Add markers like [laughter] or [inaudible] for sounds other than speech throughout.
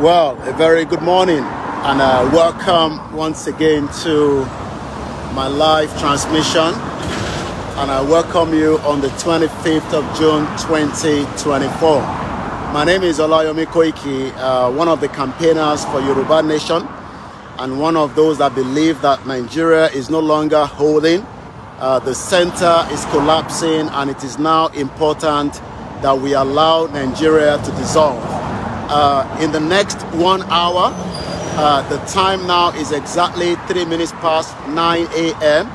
Well, a very good morning and uh, welcome once again to my live transmission. And I welcome you on the 25th of June 2024. My name is Olayomi Koiki, uh, one of the campaigners for Yoruba Nation and one of those that believe that Nigeria is no longer holding. Uh, the center is collapsing and it is now important that we allow Nigeria to dissolve uh, in the next one hour. Uh, the time now is exactly three minutes past 9 a.m.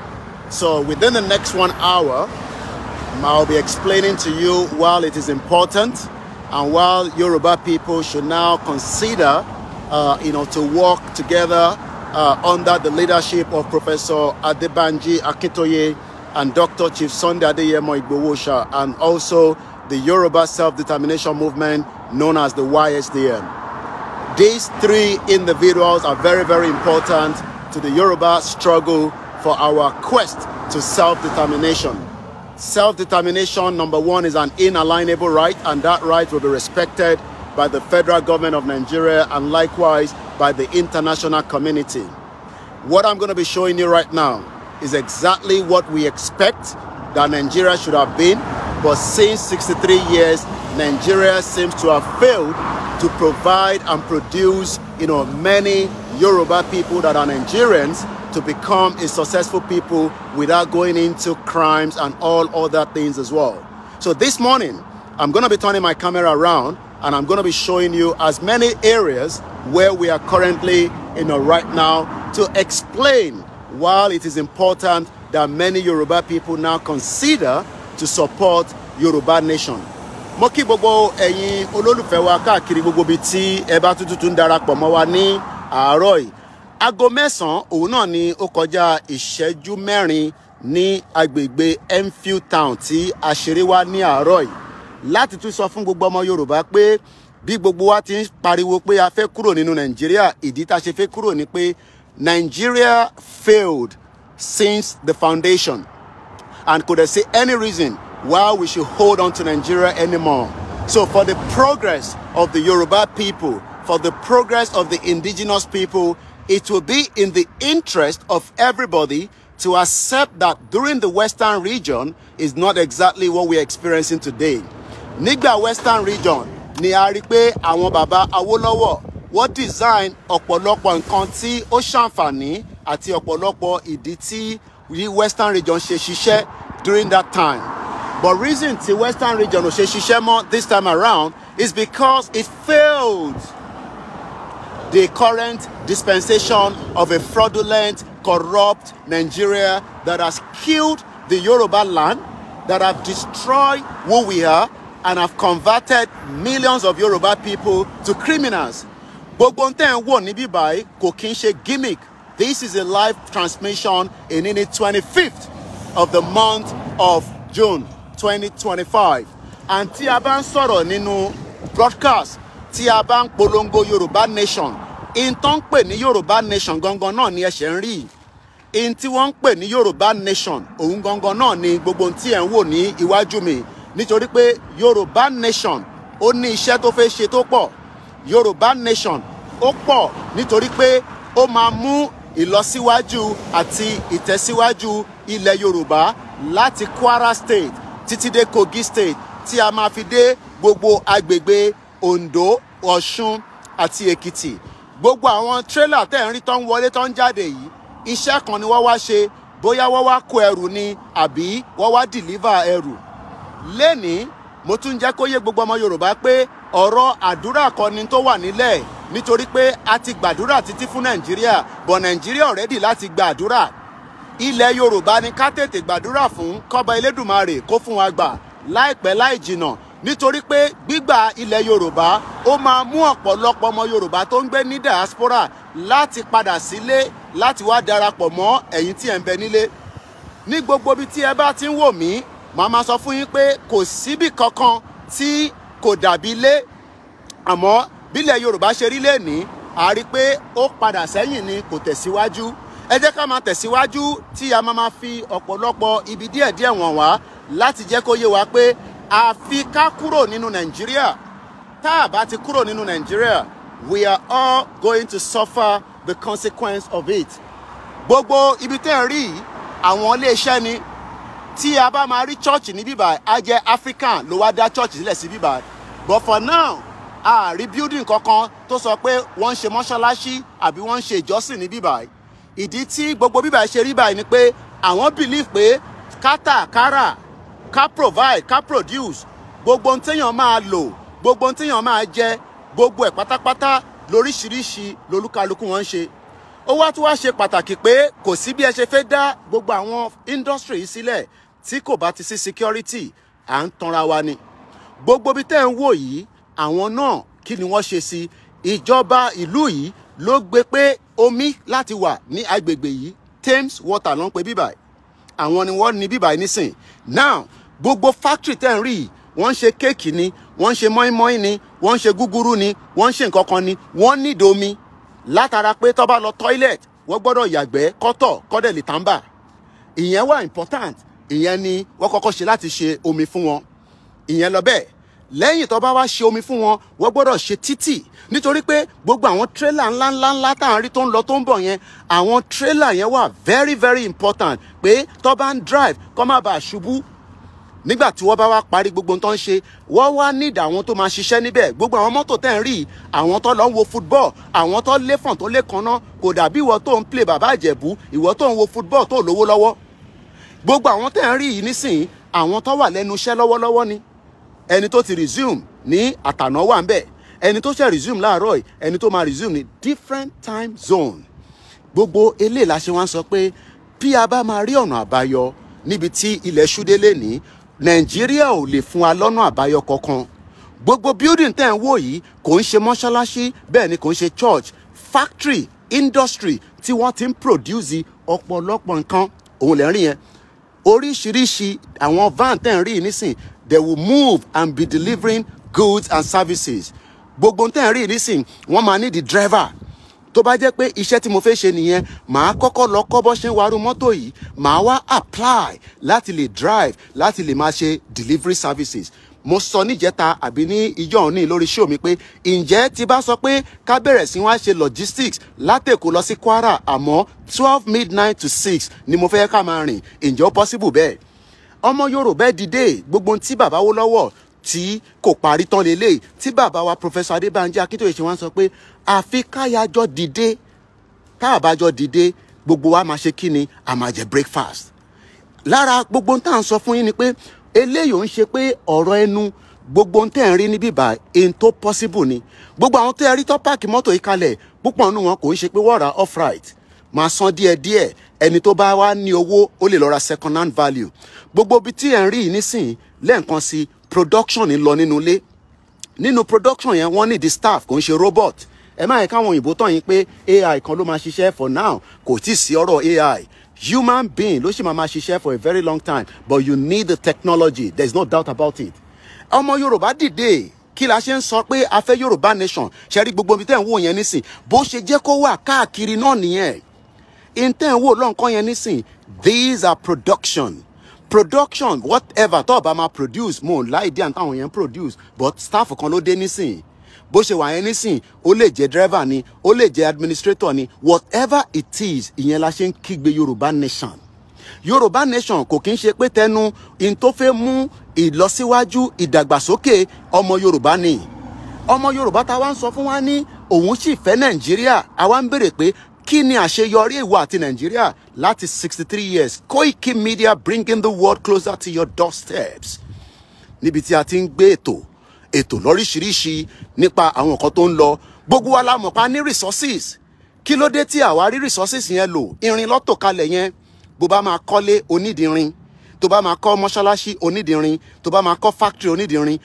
So within the next one hour, I'll be explaining to you why it is important and why Yoruba people should now consider, uh, you know, to work together uh, under the leadership of Professor Adebanji Akintoye and Dr. Chief Sunday Adeyemo Igbowosha and also the Yoruba Self-Determination Movement known as the YSDM. These three individuals are very, very important to the Yoruba struggle for our quest to self-determination. Self-determination, number one, is an inalienable right, and that right will be respected by the federal government of Nigeria and likewise by the international community. What I'm going to be showing you right now is exactly what we expect that Nigeria should have been but since 63 years, Nigeria seems to have failed to provide and produce, you know, many Yoruba people that are Nigerians to become a successful people without going into crimes and all other things as well. So this morning, I'm going to be turning my camera around and I'm going to be showing you as many areas where we are currently, you know, right now to explain why it is important that many Yoruba people now consider to support Yoruba nation mo kí gbogbo ẹ̀yin olólùfẹ́ wa káàkiri gbogbo ibi tí ẹ bá tuntun tún darapọ̀ mọ́ wa ní àárọ̀ yìí aago mẹ́sàn òun náà ni ó kọjá ìṣẹ́jú mẹ́rin ní agbègbè Enfield Town tí a ṣeré wá ní àárọ̀ yìí láti tún sọ fún gbogbo ọmọ Yorùbá pé bí gbogbo wa ti ń pariwo pé a fẹ́ kúrò nínú Nàìjíríà ìdí tá a ṣe fẹ́ kúrò ni pé Nigeria failed since the foundation and could I see any reason why we should hold on to Nigeria anymore. So for the progress of the Yoruba people, for the progress of the indigenous people, it will be in the interest of everybody to accept that during the Western region is not exactly what we're experiencing today. Nigba Western region ni a rí pé àwọn bàbá design ọ̀pọ̀lọpọ̀ nǹkan tí ó ṣàǹfààní àti ọ̀pọ̀lọpọ̀ ìdí The western region she she during that time but reason the western region she she ṣiṣẹ́ mọ́ this time around is because it failed the current dispensation of a fraudulent corrupt Nigeria that has killed the Yoruba land that have destroyed who we are and have converted millions of Yoruba people to criminals. Gbogbo ń tẹ́ ń wò níbí báyìí kò kí ń ṣe gimmick This is a live transmission in the 25th of the month of June 2025. And tí a bá ń sọ̀rọ̀ broadcast tí a bá polongo Yorùbá Nation in tó ni pè Nation gangan náà ni ẹ in tí ni ń pè ní Yorùbá Nation òun gangan ni gbogbo tí ẹ̀ ń wò ní Nation ó ní iṣẹ́ tó fẹ́ ṣe tó Nation okpo pọ̀ nítorí pé ìlọsíwájú àti ìtẹ̀síwájú ilẹ̀ yorùbá láti kwara state títí dé kogi state tí a máa fi dé gbogbo agbègbè ondo ọ̀ṣun àti èkìtì gbogbo àwọn tírélà tẹ̀ ń rí tó ń wọlé tó ń jáde yìí iṣẹ́ kan ni wọ́n wá ṣe bóyá wọ́n wá kó ẹrù ni àbí wọ́n wá dìlíva ẹrù lẹ́nìí mo tún jẹ́ kó yé gbogbo ọmọ yorùbá pé ọ̀rọ̀ àdúrà kọ́ ni tó wà nílẹ̀ nítorí pé a ti gbàdúrà títí fún nàìjíríà bọ̀ nàìjíríà ọ̀rẹ́dì láti gbàdúrà ilẹ̀ yorùbá ni ká tètè gbàdúrà fún kọ́ba elédùmarè kó fún wa gbà láìpẹ́ láì jìnà nítorí pé gbígbà ilẹ̀ yorùbá ó máa mú ọ̀pọ̀lọpọ̀ ọmọ yorùbá tó ń gbé ní diaspora láti padà sílé láti wá darapọ̀ mọ́ ẹ̀yin tí ẹ̀ ń bẹ nílé ní gbogbo ibi tí ẹ bá ti ń wò mí màá máa sọ fún yín pé kò síbì kankan tí kò dàbí ilé àmọ́ bílẹ̀ yorùbá ṣe rí lẹ́ẹ̀ní a pé ó padà sẹ́yìn ni kò tẹ̀síwájú ẹ jẹ́ ká máa tẹ̀síwájú tí a máa fi ọ̀pọ̀lọpọ̀ ibi díẹ̀díẹ̀ wọ̀n wá láti jẹ́ kó yé wa pé àfi ká kúrò nínú nàìjíríà tá a bá ti kúrò nínú nàìjíríà we are all going to suffer the consequence of it gbogbo ibi tẹ́ ẹ rí àwọn iléeṣẹ́ ni tí a bá máa rí church ní bíbá a jẹ́ african ló wá dá church sílẹ̀ sí bíbá but for now a rí building kankan tó sọ pé wọ́n ń ṣe mọ́ṣáláṣí àbí wọ́n ń ṣe ìjọsìn ní bíbá ìdí tí gbogbo bíbá ṣe rí báyìí ni pé àwọn believe pé kátàkárà ká provide ká produce gbogbo ohun téèyàn máa lò gbogbo ohun téèyàn máa jẹ gbogbo ẹ̀ pátápátá lóríṣiríṣi lolúkálukú wọn ń ṣe ó wá tún wá ṣe pàtàkì pé kò sí bí ẹ ṣe fẹ́ dá gbogbo àwọn industry yìí sílẹ̀ tí kò bá ti sí security à ń tanra wa ni gbogbo bí tẹ́ ń wò yìí àwọn náà kí ni wọ́n ṣe sí ìjọba ìlú yìí ló gbé pé omi láti wà ní agbègbè yìí Thames water ló ń pe bíbáyìí àwọn ni wọ́n ní bíbáyìí nísìn now gbogbo factory tẹ́ ń rí yìí wọ́n ń ṣe kéèkì ni wọ́n ń ṣe mọ́ínmọ́ín ni wọ́n ń ṣe gúgúrú ni wọ́n ń ṣe nǹkan kan ni wọ́n nídìí omi látara pé tó bá lọ toilet wọ́n gbọ́dọ̀ yàgbẹ́ kọ́tọ̀ kọ́dẹ̀lì tàǹbà ìyẹn wà important ìyẹn ni wọ́n kọ́kọ́ ṣe láti ṣe omi fún wọn ìyẹn lọ bẹ́ẹ̀ lẹ́yìn tó bá wá ṣe omi fún wọn wọ́n gbọ́dọ̀ ṣe títì nítorí pé gbogbo àwọn tírélà ńláńlá ńlá tá à ń rí tó ń lọ tó ń bọ̀ yẹn àwọn tírélà yẹn wà very very important pé tó bá ń drive kó má bàa ṣubú nígbà tí wọ́n bá wá parí gbogbo nǹkan ṣe wọ́n wá nídà àwọn tó máa ṣiṣẹ́ níbẹ̀ gbogbo àwọn mọ́tò tẹ̀ ń rí àwọn tó lọ ń wo football àwọn tó lé fọ̀n tó lé kanná kò dàbí ìwọ tó ń play bàbá àjẹ̀bú ìwọ tó ń wo football tó lówó lọ́wọ́ gbogbo àwọn tẹ̀ ń rí yìí nísìnyí àwọn tó wà lẹ́nu iṣẹ́ lọ́wọ́lọ́wọ́ ni ẹni tó ti resume ní àtàná wà ń bẹ̀ ẹni tó ṣe resume láàárọ̀ yìí ẹni tó máa resume ní different time zone gbogbo eléyìí la ṣe wá ń sọ pé bí a bá máa rí ọ̀nà àbáyọ níbi tí ilẹ̀ ṣúdé lè ní nàìjíríà ò lè fún wa lọ́nà àbáyọ kankan gbogbo building tẹ́ ń wò yìí kò ń ṣe mọ́ṣáláṣí bẹ́ẹ̀ ni kò ń ṣe church factory industry tí wọ́n ti ń produce ọ̀pọ̀lọpọ̀ nǹkan òun lẹ́rìn yẹn oríṣiríṣi àwọn van tẹ̀ ń rí nísìn they will move and be delivering goods and services gbogbo tẹ̀ ń rí nísìn wọ́n máa ní the driver tó bá jẹ́ pé iṣẹ́ tí mo fẹ́ ṣe nìyẹn màá kọ́kọ́ lọ kọ́ bọ́ ṣe ń warú mọ́tò yìí màá wá apply láti lè drive láti lè máa ṣe delivery services mo sọ níjẹta àbí ní ijọ́ òní lórí show mi pé ǹjẹ́ ti bá sọ pé ká bẹ̀rẹ̀ sí wá ṣe logistics látèkó lọ sí Kwara àmọ́ twelve midnight to six ni mo fẹ́ ká máa rìn ǹjẹ́ ó possible bẹ́ẹ̀ ọmọ Yorùbá ẹ dìde gbogbo ohun tí bàbá wó lọ́wọ́ tí kò parí tán lélẹ̀ tí bàbá wa Professor Adébánjí Akíntóyè ṣe wá ń sọ pé àfi káyàjọ dìde káàbájọ dìde gbogbo wa máa ṣe kí ni breakfast lára gbogbo ohun tá à ń sọ fún yín ni pé eléyìí ò ń ṣe pé ọ̀rọ̀ ẹnu gbogbo tẹ́ ń rí ní bíbà ẹni tó possible ni gbogbo àwọn tẹ́ rí tó páàkì mọ́tò yìí kalẹ̀ púpọ̀ nínú wọn kò ń ṣe pé wọ́n ra off right máa san díẹ̀ díẹ̀ ẹni tó bá wá ní owó ó lè lọ second hand value gbogbo ibi tí ẹ̀ ń rí yìí nísìnyí lẹ́ẹ̀kan sí production ń lọ nínú ilé nínú production yẹn wọ́n need staff kò ń ṣe robot ẹ máa yẹ káwọn òyìnbó tàn yín pé AI kan ló máa ṣiṣẹ́ for now kò tí ì sí ọ̀rọ̀ AI human being ló ṣì máa máa ṣiṣẹ́ for a very long time but you need the technology there is no doubt about it ọmọ yorùbá dìde kí la ṣe ń sọ pé a fẹ́ yorùbá nation ṣe rí gbogbo ibi tẹ́ ń wò yẹn nísìn bó ṣe jẹ́ kó wà káàkiri náà nìyẹn in tẹ́ ń wò lọ́nkàn yẹn nísìn these are production production whatever tó bá máa produce mo láì dí àtàwọn yẹn produce but staff kan ló dé nísìn bó ṣe wà yẹn nísìn ó lè jẹ́ driver ni ó lè jẹ́ administrator ni whatever it is ìyẹn la ṣe ń kígbe yorùbá nation yorùbá nation kò kí ń ṣe pé tẹnu in tó fẹ́ mú ìlọsíwájú ìdàgbàsókè ọmọ yorùbá ni ọmọ yorùbá ta wá ń sọ fún wa ní òun sì fẹ́ nàìjíríà àwa ń béèrè pé kí ni àṣeyọrí ìwà àti nàìjíríà láti sixty three years Koiki Media bringing the world closer to your doorsteps níbi tí a ti ń gbé ètò ètò lóríṣiríṣi nípa àwọn nǹkan tó ń lọ gbogbo wa la mọ̀ pa ní resources kí ló dé tí àwa rí resources yẹn lò irin lọ́tò kalẹ̀ yẹn bó bá máa kọ́lé onídìírin tó bá máa kọ́ mọ́ṣáláṣí onídìírin tó bá máa kọ́ factory onídìírin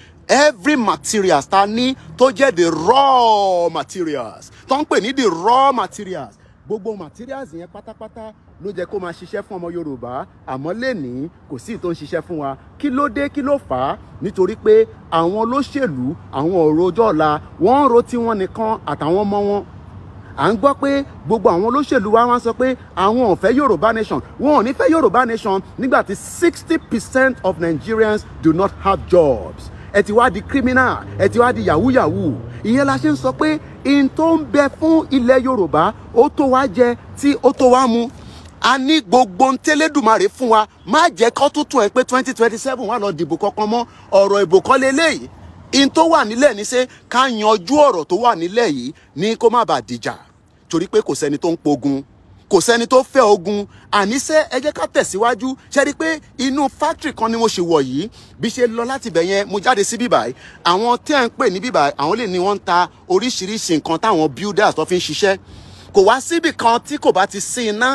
every material ta ní tó jẹ́ the raw materials tó ń pè ní the raw materials gbogbo materials yẹn pátápátá ló jẹ́ kó máa ṣiṣẹ́ fún ọmọ Yorùbá àmọ́ lẹ́nìí kò sí ìtò ń ṣiṣẹ́ fún wa kí ló dé kí ló fà á nítorí pé àwọn olóṣèlú àwọn ọ̀rọ̀ ọjọ́ ọ̀la wọ́n ń ro tiwọn nìkan àtàwọn ọmọ wọn à ń gbọ́ pé gbogbo àwọn olóṣèlú wa wá sọ pé àwọn ò yorùbá nation wọn ò ní fẹ́ yorùbá nation nígbà tí sixty percent of Nigerians do not have jobs ẹ ti wá di criminal ẹ ti wá di yahoo yahoo ìyẹn la ṣe ń sọ pé in tó ń bẹ fún ilẹ̀ yorùbá ó tó wá jẹ tí ó tó wá mu a ní gbogbo ntẹ́lẹ́dùmarè fún wa má jẹ́ kó tuntun ẹ̀ pé twenty twenty seven wà lọ dìbò kankan mọ́ ọ̀rọ̀ ìbò kọ́ leléyìí in tó wà nílẹ̀ ní ṣe ká yanjú ọ̀rọ̀ tó wà nílẹ̀ yìí ní kó má bàa dìjà torí pé kò sẹ́ni tó ń pogun kò sẹ́ni tó fẹ́ ogun àníṣe ẹ jẹ́ ká tẹ̀síwájú ṣe rí i pé inú fátìrì kan ni mo ṣe wọ̀ yìí bí ṣe lọ láti bẹ̀ yẹn mo jáde sí bíbáyìí àwọn tí à ń pè ní bíbáyìí àwọn lè ní wọ́n ń ta oríṣiríṣi nǹkan táwọn builders tó fi ń ṣiṣẹ́ kò wá síbì kan tí kò bá ti sí iná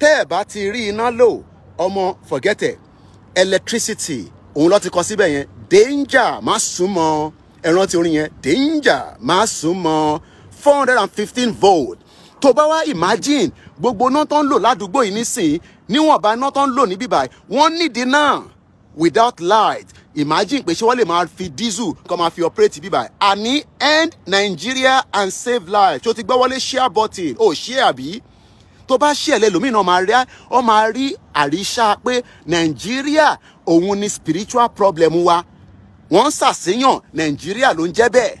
tẹ́ ẹ̀ bá ti rí iná lò ọmọ forget electricity òun ló ti kọ síbẹ̀ yẹn danger má súnmọ́ ẹ̀rọ ti orin yẹn danger má súnmọ́ four hundred and fifteen volt tó bá wá imagine gbogbo náà tó ń lò ládùúgbò yìí nísìnyí níwọ̀nba náà tó ń lò ní bíbáyìí wọ́n nídìí náà without light imagine pé ṣé wọ́n lè máa fi diesel kọ́ máa fi operate bíbá àní end Nigeria and save life tó ti gbọ́ wọlé share button ò share àbí tó bá share lẹ́lòmíràn máa rí ọ máa rí àríṣà pé Nàìjíríà òun ni spiritual problem wa wọ́n ń ṣàṣeyàn Nàìjíríà ló ń jẹ́ bẹ́ẹ̀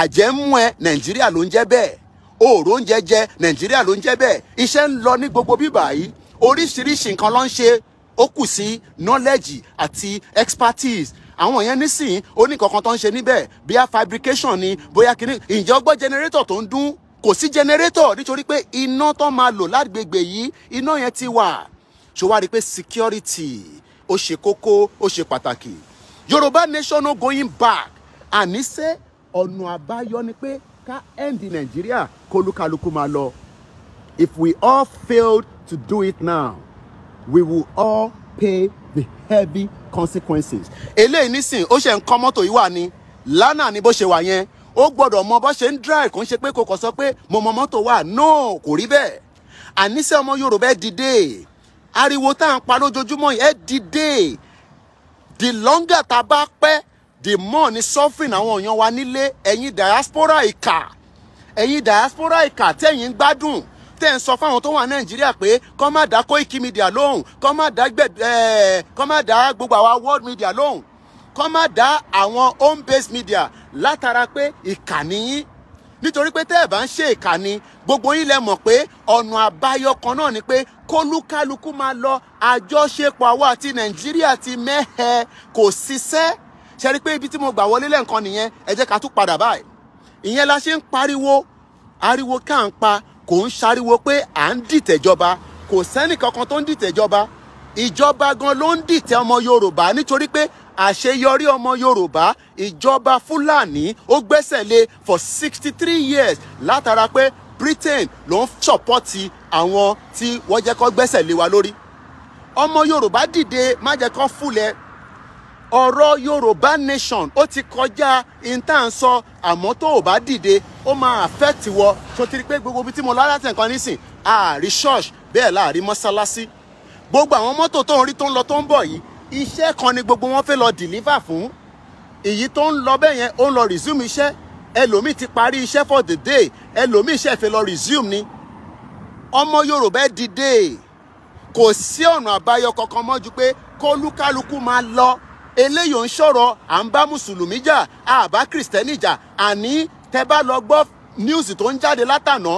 àjẹmú ẹ Nàìjíríà ló ń jẹ́ bẹ́ẹ̀ òòrò oúnjẹ jẹ nàìjíríà ló ń jẹ bẹ́ẹ̀ iṣẹ́ ń lọ ní gbogbo bíbà yìí oríṣiríṣi nǹkan ló ń ṣe ó kù sí knowledge àti expertise àwọn yẹn nísìnyí ó ní kankan tó ń ṣe níbẹ̀ bóyá fabrication ni bóyá kíní ǹjẹ́ ọgbọ́n generator tó ń dún kò sí generator nítorí pé iná tó máa lò lágbègbè yìí iná yẹn ti wà ṣó wá rí i pé security ó ṣe kókó ó ṣe pàtàkì Yorùbá nation no going back àníṣe ọ̀nà àbáyọ ni pé ká end nàìjíríà kólúkálukú máa lọ if we all failed to do it now we will all pay the heavy consequences. eléyìí nísìn ó ṣe ń kọ́ mọ́tò yìí wà ní lánàá ni bó ṣe wà yẹn ó gbọ́dọ̀ mọ bó ṣe ń drive kò ń ṣe pé kò kọ̀ sọ pé mo mọ mọ́tò wà no kò rí bẹ́ẹ̀ àníṣe ọmọ yorùbá ẹ dìde ariwo tá à ń pa lójoojúmọ́ yìí ẹ dìde the longer tá a bá pẹ́ the more ni suffering àwọn èèyàn wa nílé ẹ̀yin diaspora ìkà ẹ̀yin diaspora ìkà tẹ̀yin ń gbádùn tẹ̀ ń sọ fáwọn tó wà nàìjíríà pé kọ́ má dá Koiki Media lóhùn kọ́ má dá gbẹ ẹ̀ kọ́ má dá gbogbo àwa world media lóhùn kọ́ má dá àwọn home based media látara pé ìkànnì yín nítorí pé tẹ́ ẹ̀ bá ń ṣe ìkànnì gbogbo yín lẹ mọ̀ pé ọ̀nà àbáyọ kan náà ni pé kólúkálukú máa lọ àjọṣepọ̀ àwa àti nàìjíríà ti mẹ́hẹ kò ṣiṣẹ́ ṣe rí pé ibi tí mo gbà wọlé lẹ́ǹkan nìyẹn ẹ jẹ́ ká tún padà báyìí ìyẹn la ṣe ń pariwo ariwo ká ń pa kò ń ṣariwo pé à ń dìtẹ̀jọba kò sẹ́nì kankan tó ń dìtẹ̀jọba ìjọba gan ló ń dìtẹ̀ ọmọ Yorùbá nítorí pé àṣeyọrí ọmọ Yorùbá ìjọba Fúlàní ó gbẹ́sẹ̀ lé for sixty three years látara pé Britain ló ń ṣọ̀pọ́tì àwọn tí wọ́n jẹ́ kó gbẹ́sẹ̀ lé wa lórí ọmọ Yorùbá dìde má jẹ́ kó fúlẹ̀ ọ̀rọ̀ yorùbá nation ó ti kọjá intanṣọ àmọ́ tó o bá dìde ó máa affect wọ tó ti rí pé gbogbo ibi tí mo lọ aláta nǹkan nísìn ààrí church bẹ́ẹ̀ láàrí mọ́sálásí gbogbo àwọn mọ́tò tó ń rí tó ń lọ tó ń bọ̀ yìí iṣẹ́ kan ni gbogbo wọn fẹ́ lọ deliver fún èyí tó ń lọ bẹ́ẹ̀ yẹn ó ń lọ resume iṣẹ́ ẹlòmíì ti parí iṣẹ́ for the day ẹlòmíì iṣẹ́ fẹ́ lọ resume ni ọmọ yorùbá ẹ dìde kò sí ọ̀nà àbáyọ kankan mọ́ ju pé kólúkálukú máa lọ eléyìí ò ń sọ̀rọ̀ à ń bá mùsùlùmí jà à bá kìrìsìtẹ́nì jà àní tẹ́ bá lọ gbọ́ news tó ń jáde látànà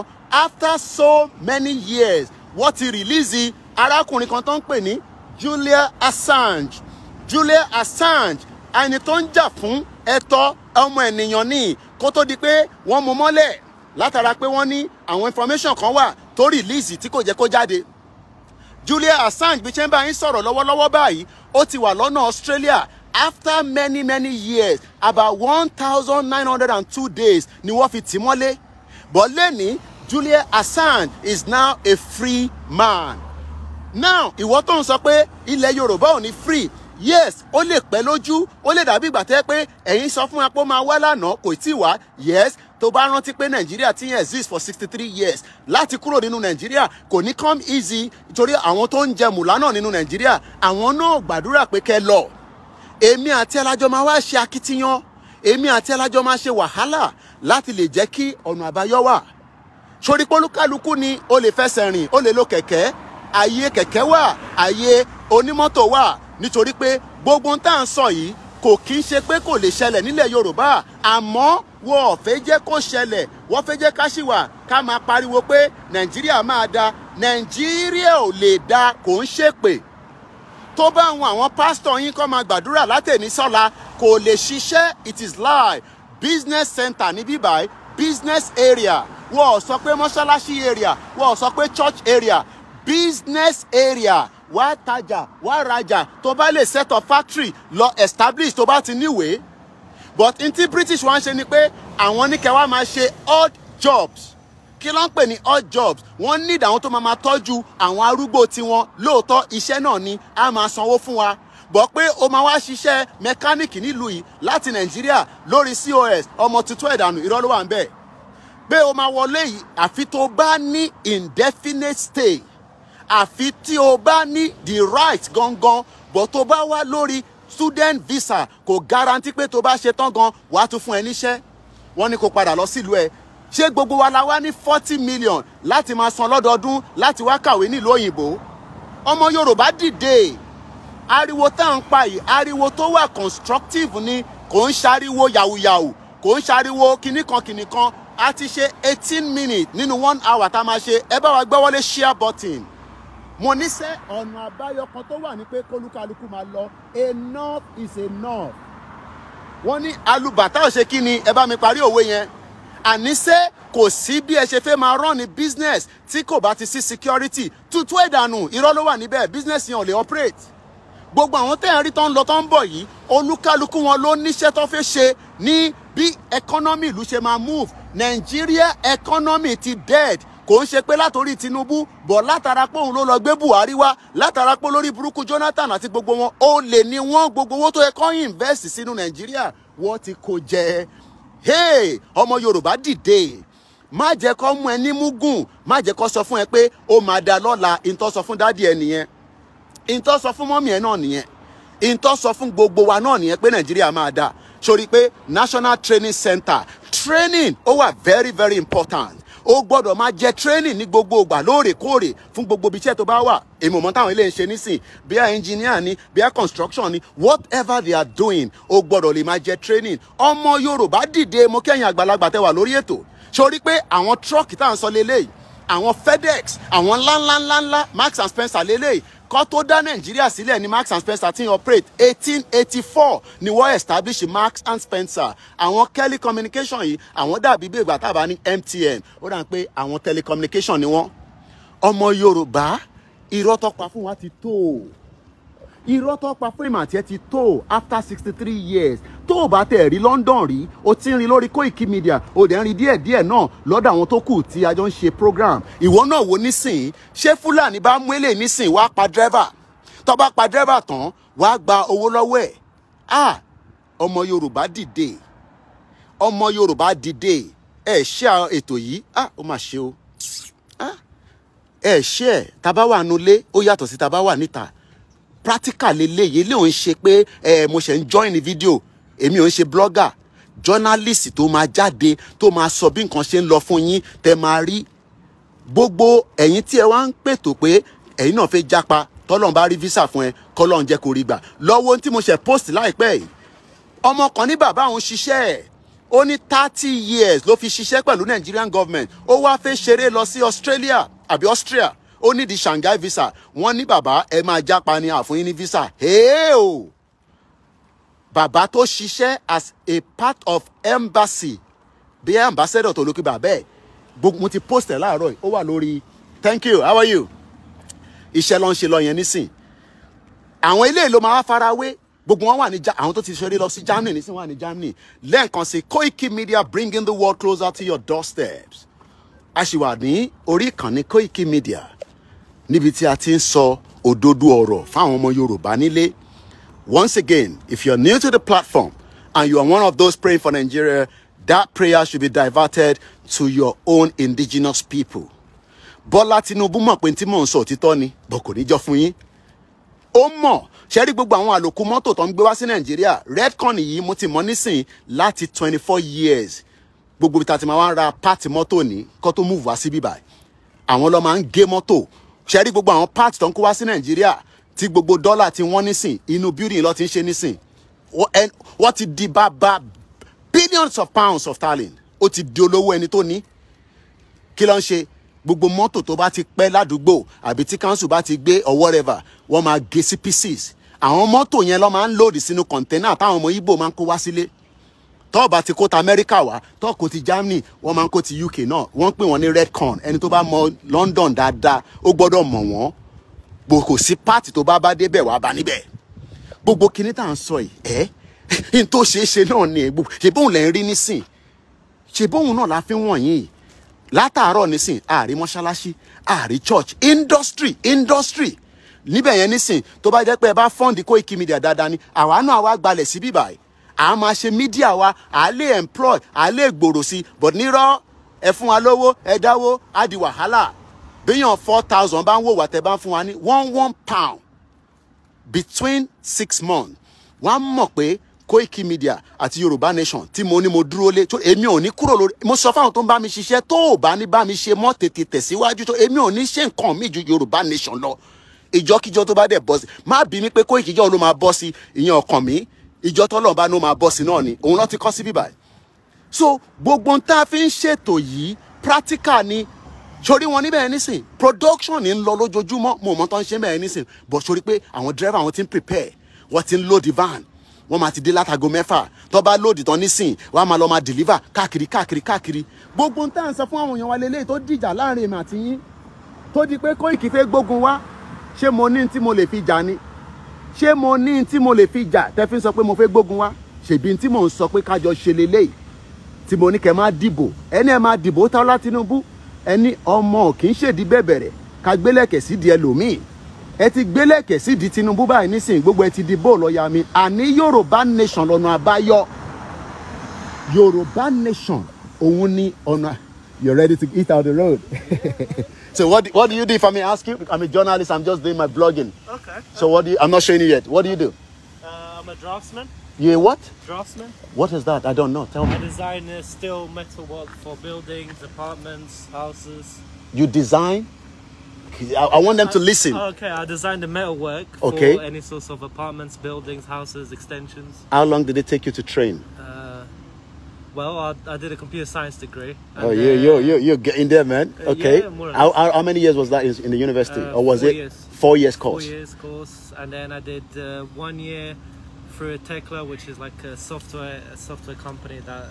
after so many years wọ́n ti rìlíìsì arákùnrin kan tó ń pè ní Julia Assange Julia Assange ẹni tó ń jà fún ẹ̀tọ́ ọmọ ènìyàn ní kó tó di pé wọ́n mú mọ́lẹ̀ látara pé wọ́n ní àwọn information kan wà tó rìlíìsì tí kò jẹ́ kó jáde Julia Assange bí ṣe ń bá yín sọ̀rọ̀ lọ́wọ́lọ́wọ́ báyìí ó ti wà lọ́nà Australia after many many years about one thousand nine hundred and two days ni wọ́n fi tì mọ́lé but lẹ́ni Julia Assange is now a free man now ìwọ tó ń sọ pé ilẹ̀ Yorùbá ò ní free yes ó lè pẹ́ lójú ó lè dàbí ìgbà tẹ́ pé ẹ̀yin sọ fún wa máa wá lánàá kò tí ì wá yes tó bá rántí pé nàìjíríà ti ń exist for sixty three years láti kúrò nínú nàìjíríà kò ní come easy torí àwọn tó ń jẹ mùlá náà nínú nàìjíríà àwọn náà gbàdúrà pé kẹ́ lọ èmi àti alájọ máa wá ṣe akitiyan èmi àti alájọ máa ṣe wàhálà láti lè jẹ́ kí ọ̀nà àbáyọ wà sórí pólúkálukú ni o lè fẹsẹ̀ rìn o lè lo kẹ̀kẹ́ ààyè kẹ̀kẹ́ wà ààyè onímọ́tò wà nítorí pé gbogbo ń tà ń sọ yìí kò kí ń ṣe pé kò lè ṣẹlẹ̀ nílẹ̀ yorùbá àmọ́ wọn ò fẹ́ jẹ́ kó ṣẹlẹ̀ wọ́n fẹ́ jẹ́ ká ṣì wà ká máa pariwo pé nàìjíríà máa da nàìjíríà ò lè da kò ń ṣèpè tó bá wọn àwọn pásítọ̀ yín kọ́ máa gbàdúrà látẹ̀ní sọ́la kò lè ṣiṣẹ́ it is lie business center ní bíbáyìí business area wọ́n ò sọ pé mọ́ṣáláṣí area wọ́n ò sọ pé church area business area wàá tajà wàá rajà tó bá lè set up factory lọ establish tó bá ti níwèé but n tí British wá ń ṣe ni pé àwọn ni kẹwàá máa ṣe odd jobs kí ló ń pè ní odd jobs wọ́n need àwọn tó máa máa tọ́jú àwọn arúgbó tiwọn lóòótọ́ iṣẹ́ náà ni a máa sanwó fún wa bọ́ pé o máa wá ṣiṣẹ́ mẹkáníìkì nílùú yìí láti nàìjíríà lórí cos ọmọ tuntun ẹ̀dànù irọ́ ló wà ń bẹ̀ pé o máa wọlé yìí àfi tó bá ní indefinite stay àfi tí o bá ní the right gangan bọ́ tó bá wá lórí student visa kò garanti pé tó bá ṣe tán gan wàá tún fún ẹ níṣẹ́ wọ́n ní kó padà lọ sílùú ẹ ṣé gbogbo wa la wá ní forty million láti máa san lọ́dọọdún láti wá kàwé nílùú òyìnbó ọmọ Yorùbá dìde ariwo tá à ń pa yìí ariwo tó wà constructive ni kò ń ṣariwo yàwùyàwù kò ń ṣariwo kìnnìkan kìnnìkan a ti ṣe eighteen minutes nínú one hour tá a máa ṣe ẹ bá wa gbọ́ share button mo ní sẹ́ ọ̀nà àbáyọ kan tó wà ní pé kólúkálukú máa lọ enough is enough wọ́n ní alùbàtà ò ṣe kí ni ẹ bá mi parí òwe yẹn àníṣe kò sí bí ẹ ṣe fẹ́ máa rán ní business tí kò bá ti sí security tuntun ìdànù irọ́ ló wà níbẹ̀ business yẹn ò lè operate gbogbo àwọn tẹ̀ ń rí tó ń lọ tó ń bọ̀ yìí olúkálukú wọn ló níṣẹ́ tó fẹ́ ṣe ní bí economy ìlú ṣe máa move Nigeria economy ti dead kò ń ṣe pé látòrí Tinubu bọ̀ látara pé òun ló lọ gbé Buhari wá látara pé lórí burúkú Jonathan àti gbogbo wọn ó lè ní wọn gbogbo owó tó yẹ kọ́ invest sínú Nàìjíríà wọ́n ti kó jẹ hey ọmọ Yorùbá dìde má jẹ́ kó mú ẹ ní múgùn má jẹ́ kó sọ fún ẹ pé ó máa da lọ́la ìtọ́ sọ fún dádì ẹ nìyẹn ìtọ́ sọ fún mọ́mì ẹ náà nìyẹn ìtọ́ sọ fún gbogbo wa náà nìyẹn pé Nàìjíríà máa da sórí pé National Training Center training ó wà very very important o gbọ́dọ̀ máa jẹ training ní gbogbo ìgbà lóòrèkóòrè fún gbogbo ibi iṣẹ́ tó bá wà èmi ò mọ táwọn ilé ń ṣe nísìn bí i engineer ni bí i construction ni whatever they are doing o gbọ́dọ̀ lè máa jẹ training ọmọ Yorùbá dìde mo kẹ́yìn àgbàlagbà tẹ́ wà lórí ètò sórí pé àwọn truck tá à ń sọ lélẹ́yìí àwọn FedEx àwọn ńláńláńláńlá Max and Spencer lélẹ́yìí kan tó dá nàìjíríà sílẹ̀ ní Marks and Spencer ti ń operate eighteen eighty four ni wọ́n establish Marks and Spencer àwọn telecommunication yìí àwọn dàbí bí ìgbà tábà ní MTN ó dà pé àwọn telecommunication ni wọ́n ọmọ Yorùbá irọ́ tó pa fún wa ti tó o irọ́ tó pa fún ìmọ̀ àti ẹ ti tó after sixty three years tó o bá tẹ̀ rí London rí o ti ń lórí Koiki Media o dẹ̀ ń rí díẹ̀díẹ̀ náà lọ́dọ̀ àwọn tó kù tí a jọ ń ṣe program ìwọ náà wo nísìn ṣé Fúlàní bá mú èlé nísìn wàá pa dírẹ́fà tó bá pa dírẹ́fà tán wàá gba owó lọ́wọ́ ẹ̀ ah ọmọ Yorùbá dìde ọmọ Yorùbá dìde ẹ ṣe ètò yìí ah ó mà ṣe o ah ẹ ṣe ẹ tá a bá wà nulẹ̀ ó yàtọ̀ sí tá níta practical leléyìí ilé òun ṣe pé ẹ eh, mo ṣe ń join ní fídíò èmi ò ń ṣe blogger journalist tó máa jáde tó máa sọ bí nǹkan ṣe ń lọ fún yín tẹ máa rí gbogbo ẹ̀yin tí ẹ wá ń pètò pé ẹ̀yin náà fẹ́ jápa tọ́lọ́n bá rí visa fún ẹ kọ́lọ́n jẹ́ kó rí gbà lọ́wọ́ tí mo ṣe post láìpẹ́ yìí ọmọ kan ní bàbá òun ṣiṣẹ́ ẹ̀ ó ní thirty years ló fi ṣiṣẹ́ pẹ̀lú Nigerian government ó wá fẹ́ ṣeré lọ sí Australia àbí Austria ó nídìí Shanghai visa wọ́n ní bàbá ẹ máa jápa ní àfún yín ní visa hey o oh. bàbá tó ṣiṣẹ́ as a part of embassy bí ambassador tó lókè bàbá ẹ̀ gbogbo mo ti post ẹ̀ láàárọ̀ ó wà lórí thank you how are you iṣẹ́ ló ń ṣe lọ yẹn nísìn àwọn ilé ìlú máa farawé gbogbo wọn wà ní àwọn tó ti ṣeré lọ sí Germany nísìn wà ní Germany lẹ́ẹ̀kan sí Koiki Media bringing the world closer to your doorsteps a sì wà ní orí ìkànnì Koiki Media níbi tí a ti ń sọ òdodo ọ̀rọ̀ fáwọn ọmọ Yorùbá nílé once again if you are new to the platform and you are one of those praying for Nigeria that prayer should be diverted to your own indigenous people Bọ́lá Tinubu mọ̀ pé tí mò ń sọ òtítọ́ ni bọ̀ kò ní jọ fún yín ó mọ̀ ṣe rí gbogbo àwọn àlòkù mọ́tò tó ń gbé wá sí Nàìjíríà redcon yìí mo ti mọ̀ nísìn láti twenty four years gbogbo ibi tá a ti máa wá ra pààtì mọ́tò ní kó tó múùfù wá sí bíbáyìí àwọn ló máa ń gé mọ́tò ṣe rí gbogbo àwọn parts tó ń kó wá sí nàìjíríà tí gbogbo dọ́là tí wọ́n nísìn inú building ló ti ń ṣe nísìn wọ́n ti di bàbá billions of pounds of sterling ó ti di olówó ẹni tó ní kí ló ń ṣe gbogbo mọ́tò tó bá ti pẹ́ ládùúgbò àbí tí council bá ti gbé or whatever wọ́n máa gé sí pieces àwọn mọ́tò yẹn ló máa ń lòdì sínú container. táwọn ọmọ Ìgbò máa ń kó wá sílé. Si tó bá ti kó ta amẹ́ríkà wá tó kó ti germany wọ́n máa ń kó ti uk náà wọ́n pè wọ́n ní redcon ẹni tó bá mọ london dáadáa ó gbọ́dọ̀ mọ̀ wọ́n bò kò sí páàtì tó bá bá débẹ̀ wá bá níbẹ̀ gbogbo kinní tá à ń sọ yìí [laughs] n tó ṣeé ṣe náà ni gbogbo ṣe bóun lẹ́ ń rí nísìn ṣe bóun náà la fi wọ̀nyí látàárọ̀ nísìn ààrí mọ́ṣáláṣí ààrí church industry industry níbẹ̀ yẹn nísìn tó bá jẹ́ pé ẹ bá fọ́ǹdì Koiki Media dáadáa ni àwa náà wá gbalẹ̀ sí bíbáyìí à máa ṣe mídíà wa à lè employ à lè gbòòrò sí but nírọ́ ẹ fún wa lówó ẹ dáwó á di wàhálà bíyàn four thousand bá ń wò wá tẹ bá ń fún wa ní one one pound between six months wọ́n á mọ̀ pé Koiki Media àti Yorùbá Nation tí mo ní mo dúró lé tó èmi ò ní kúrò lórí mo sọ fáwọn tó ń bá mi ṣiṣẹ́ tó ò bá ní bá mi ṣe mọ́ tètè tẹ̀síwájú tó èmi ò ní ṣe nǹkan mi ju Yorùbá Nation lọ ìjọkíjọ tó bá dẹ̀ bọ́ sí má bí mi pé Koiki jọ́ ló máa bọ́ sí ìyẹn ọkàn mi ìjọ tọ́lọ́run bá ní ó máa bọ́ sí náà ni òun náà ti kọ́ sí bíbá so gbogbo ohun tá a fi ń ṣètò yìí practical ni sori wọn níbẹ̀ nísìn production ni ń lọ lójoojúmọ́ mo mọ tó ń ṣe bẹ́ẹ̀ nísìn bọ̀ sori pé àwọn driver wọn ti ń prepare wọ́n ti ń load van wọ́n máa ti dé látago mẹ́fà tó bá load tán nísìn wọ́n á máa lọ máa deliver káàkiri káàkiri káàkiri gbogbo ń tà ń sọ fún àwọn èèyàn wa lélẹ́yìí tó dìjà láàrin èmi àti yín tó di pé Koiki fẹ́ gbógun wá ṣé mo ní tí mo lè fi jà ni ṣé mo ní tí mo lè fi jà tẹ́fí sọ pé mo fẹ́ gbógun wá ṣèbí tí mò ń sọ pé kájọ ṣe lélẹ́yìí tí mo ní kẹ́ máa dìbò ẹni ẹ máa dìbò Tọ́lá Tinubu ẹni ọmọ kì í ṣèdí bẹ̀bẹ̀rẹ̀ ká gbélẹ̀kẹ̀ sídìí ẹlòmíì ẹ ti gbélẹ̀kẹ̀ sídìí Tinubu báyìí nísìnyí gbogbo ẹ ti di bóòlù ọ̀yà mi àní Yorùbá nation lọ́nà àbáyọ Yorùbá nation òun ni ọ̀nà you're ready to eat out the road [laughs] So what, what do you do if I may ask you? I'm a journalist. I'm just doing my blogging. Okay. So what do you, I'm not showing you yet. What do you do? Uh, I'm a draftsman. You a what? Draftsman. What is that? I don't know. Tell me. I design a steel metal work for buildings, apartments, houses. You design? I, I want them I, to listen. Oh, okay, I designed the metal work okay. for any sorts of apartments, buildings, houses, extensions. How long did it take you to train? Uh, well, I, I did a computer science degree. oh, yeah, uh, you're, you're, you're getting there, man. Uh, okay. Yeah, how, how, how, many years was that in, in the university? Uh, or was four it years. four years course? Four years course. And then I did one year through Tekla, which is like a software, a software company that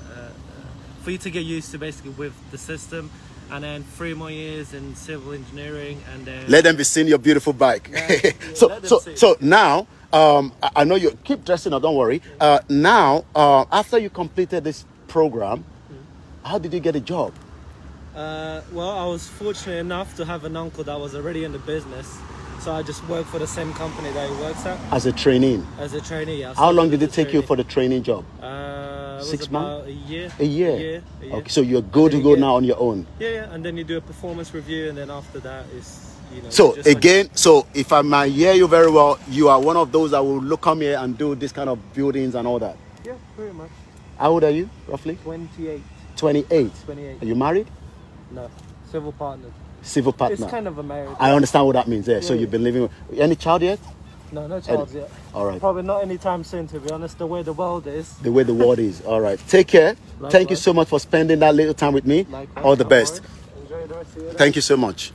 for you to get used to basically with the system and then three more years in civil engineering and then let them be seeing your beautiful bike yeah, [laughs] yeah, so so see. so now um, I, I know you keep dressing up don't worry uh, now uh, after you completed this program. How did you get a job? Uh, well, I was fortunate enough to have an uncle that was already in the business. So I just worked for the same company that he works at. As a trainee? As a trainee, yeah. How long did it take trainee. you for the training job? Uh, Six months? A year, a year. A year. Okay, so you're good to go now on your own? Yeah, yeah, and then you do a performance review, and then after that, it's. You know, so again, like so if I might hear you very well, you are one of those that will look come here and do this kind of buildings and all that. Yeah, pretty much. How old are you, roughly? 28. 28? 28. Are you married? No. Civil partner. Civil partner. It's kind of a marriage. I understand what that means, yeah. yeah so yeah. you've been living with... Any child yet? No, no child any... yet. All right. Probably not anytime soon, to be honest, the way the world is. The way the world is. All right. Take care. Likewise. Thank you so much for spending that little time with me. Likewise. All the best. Enjoy the rest of your day. Thank you so much.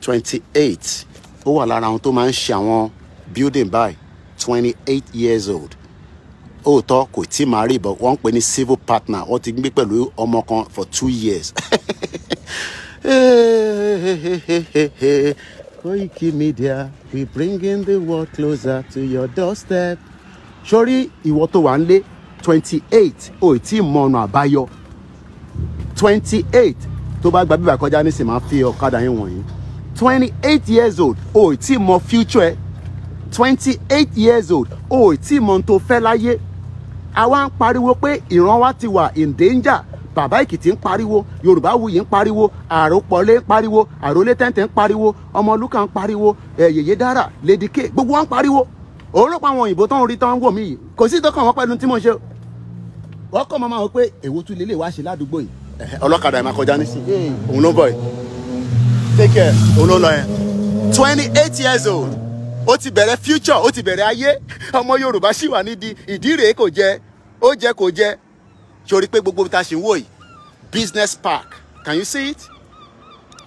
28. Oh, wà lára àwọn tó building by 28 years old. òótọ́ kò tí máa rí ìbọn wọ́n ń pè ní civil partner wọ́n ti gbé pẹ̀lú ọmọ kan for two years. [laughs] Koiki Media we bring in the world closer to your doorstep. sórí ìwọ tó wà ń lé twenty eight ò tí ì mọ ọ̀nà àbáyọ twenty eight tó bá gba bíbà kọjá nísìnyí máa fi ọ̀kadà yín wọ̀nyí twenty eight years old ò tí ì mọ future twenty eight years old ò tí ì mọ ohun tó fẹ́ láyé àwa ń pariwo pé ìran wa ti wà in danger bàbá èkìtì ń pariwo yorùbá wuyì ń pariwo àròpọ̀lé ń pariwo àròlé tẹ́ǹtẹ́ ń pariwo ọmọlúkà ń pariwo yèyé dára lady k gbogbo wọn ń pariwo òun ló pa àwọn òyìnbó tó ń rí tó ń wò mí yìí kò sí tó kàn wọ́n pẹ̀lú tí mo ṣe wọ́n kọ́ máa wọ́n pé èwo tún lélẹ̀ wá ṣe ládùúgbò yìí ọlọ́kadà ẹ̀ máa kọjá nísìnyí òun ló bọ̀ yìí take care òun ló lọ yẹn twenty eight years old ó ti bẹ̀rẹ̀ future ó ti bẹ̀rẹ̀ ayé ọmọ yorùbá sì wà nídìí ìdí rèé kò jẹ ó jẹ kò jẹ sori pé gbogbo ta ṣe ń wò yìí business park can you see it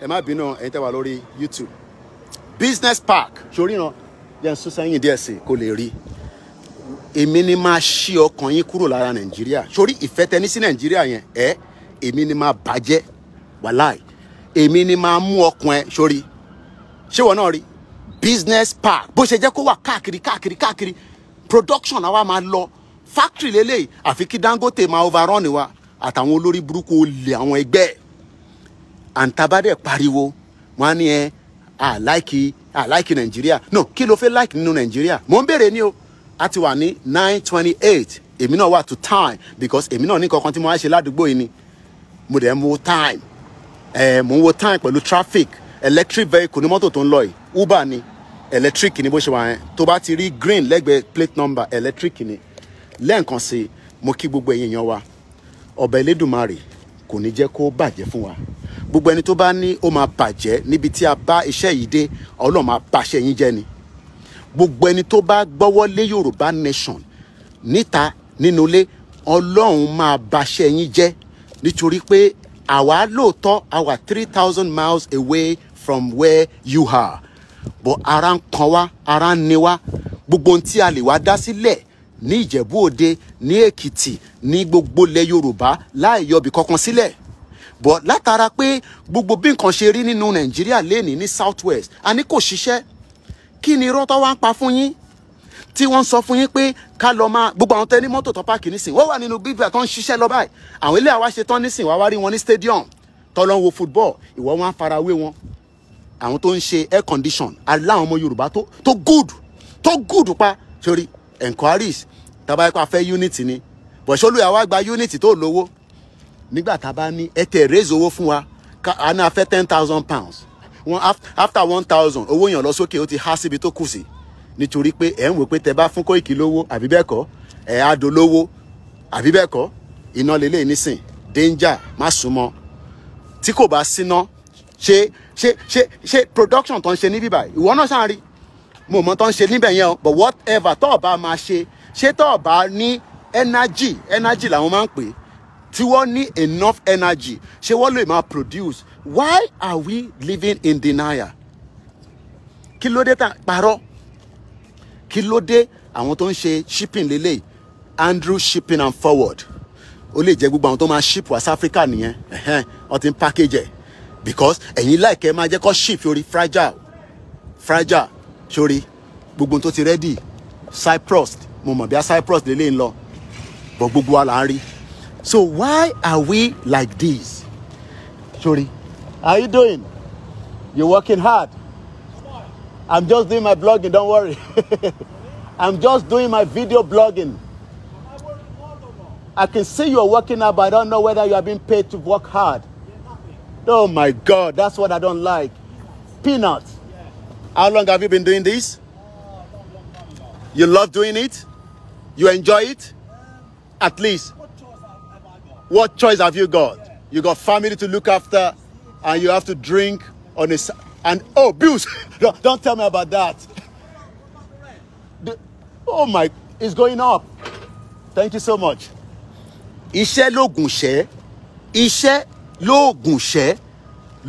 ẹ má bínú ẹ̀yin tẹ́ wà lórí youtube business park sori ràn yẹn sún sẹ́yìn díẹ̀ sí kò lè rí èmi ni máa ṣí ọkàn yín kúrò lára nàìjíríà sori ìfẹ́ tẹ́ ní sí nàìjíríà yẹn ẹ èmi ni máa bàjẹ́ wàláì èmi ni máa mú ọkàn ẹ sori ṣé wọn náà rí business park bó ṣe jẹ́ kó wà káàkiri káàkiri káàkiri production àwa máa lọ factory lélẹ́yìí àfi kí Dangote máa overrun wa àtàwọn olórí burúkú olè àwọn ẹgbẹ́ àǹtabádẹ́ pariwo wọn á ní ẹ àláìkì àláìkì nàìjíríà no kí ló fẹ́ láìkì nínú nàìjíríà mò ń béèrè ni o a ti wà ní nine twenty eight èmi náà wà to time because èmi náà ní kankan tí mo wá ṣe ládùúgbò yìí ni mo dẹ̀ ń wo time ẹ̀ eh, mo ń wo time pẹ̀lú traffic electric vehicle ní mọ́tò tó ń lọ yìí uber ni electric ni bó ṣe wà yẹn tó bá ti rí green lẹ́gbẹ̀ẹ́ plate number electric ni lẹ́ẹ̀kan sí i mo kí gbogbo ẹ̀yin èèyàn wa ọba elédùnmarè kò ní jẹ́ kó bàjẹ́ fún wa gbogbo ẹni tó bá ní ó máa bàjẹ́ níbi tí a bá iṣẹ́ yìí dé ọlọ́run máa pàṣẹ yín jẹ́ ni gbogbo ẹni tó bá gbọ́wọ́ lé yorùbá nation níta nínú ilé ọlọ́run máa bàṣẹ yín jẹ́ nítorí pé àwa lóòótọ́ àwa three thousand miles away from where you are bọ́ ara ń kan wá ara ń ni wá gbogbo ohun tí a lè wá dá sílẹ̀ ní ìjẹ̀bú òde ní èkìtì ní gbogbo ilẹ̀ yorùbá láì yọbi kankan sílẹ̀ bọ́ látara pé gbogbo bí nǹkan ṣe rí nínú nàìjíríà lénìí ní south west a ní kò ṣiṣẹ́ kí ni irọ́ tó wá ń pa fún yín tí wọ́n sọ fún yín pé ká lọ máa gbogbo àwọn tẹ́ni mọ́tò tó páàkì nísìn wọ́n wà nínú bíbí àtọ́ ń ṣiṣẹ́ lọ báyìí àwọn ilé àwa ṣe nísìn wàá wá rí wọn ní stadium tọ́lọ́ wo football ìwọ wọn á farawé wọn àwọn tó ń ṣe air condition aláwọn ọmọ yorùbá tó tó good tó good pa sórí enquiries tàbá ipa fẹ́ unit ni bọ̀ṣọ́lùyà wa gba unit tó lówó nígbà tá a ní ẹ raise owó fún wa a ní a ten thousand pounds after one thousand owó yàn lọ sókè ó ti há síbi tó kù sí nítorí pé ẹ̀ ń wò pé tẹ bá fún Kóìkì lówó àbí bẹ́ẹ̀ kọ́ ẹ̀ á dolówó àbí bẹ́ẹ̀ kọ́ iná lélẹ̀ nísìn danger má súnmọ́ tí kò bá síná ṣe ṣe ṣe ṣe production tó ń ṣe níbí báyìí ìwọ náà ṣáà rí mo mọ tó ń ṣe níbẹ̀ yẹn o but whatever tó o bá máa ṣe ṣé tó o ní energy energy làwọn máa ń pè tí wọ́n ní enough energy ṣé wọ́n lè máa produce why are we living in denial kí ló dé tá parọ́ kí ló dé àwọn tó ń ṣe shipping lélẹ̀ Andrew shipping and forward ó lè jẹ́ gbogbo àwọn tó máa ship wá sí Africa nìyẹn ọ̀tí ń package ẹ̀ because ẹ̀yin láìkẹ́ máa jẹ́ kó shift orí fragile fragile sórí gbogbo tó ti ready Cyprus mo mọ̀ bí a Cyprus lè lè ń lọ but gbogbo wa là ń rí so why are we like this Sorry, how you doing you working hard I'm just doing my blogging don't worry [laughs] I'm just doing my video blogging. I can see you are working hard, but I don't know whether you are being paid to work hard. Oh my God, that's what I don't like. Peanuts. How long have you been doing this? you love doing it? You enjoy it? At least. What choice, have you got? You got family to look after and you have to drink on a... And oh, bills. [laughs] don't, don't tell me about that. The, oh my, it's going up. Thank you so much. Iṣẹ́ lógùn ṣẹ́. Iṣẹ́ lóògùn ṣẹ́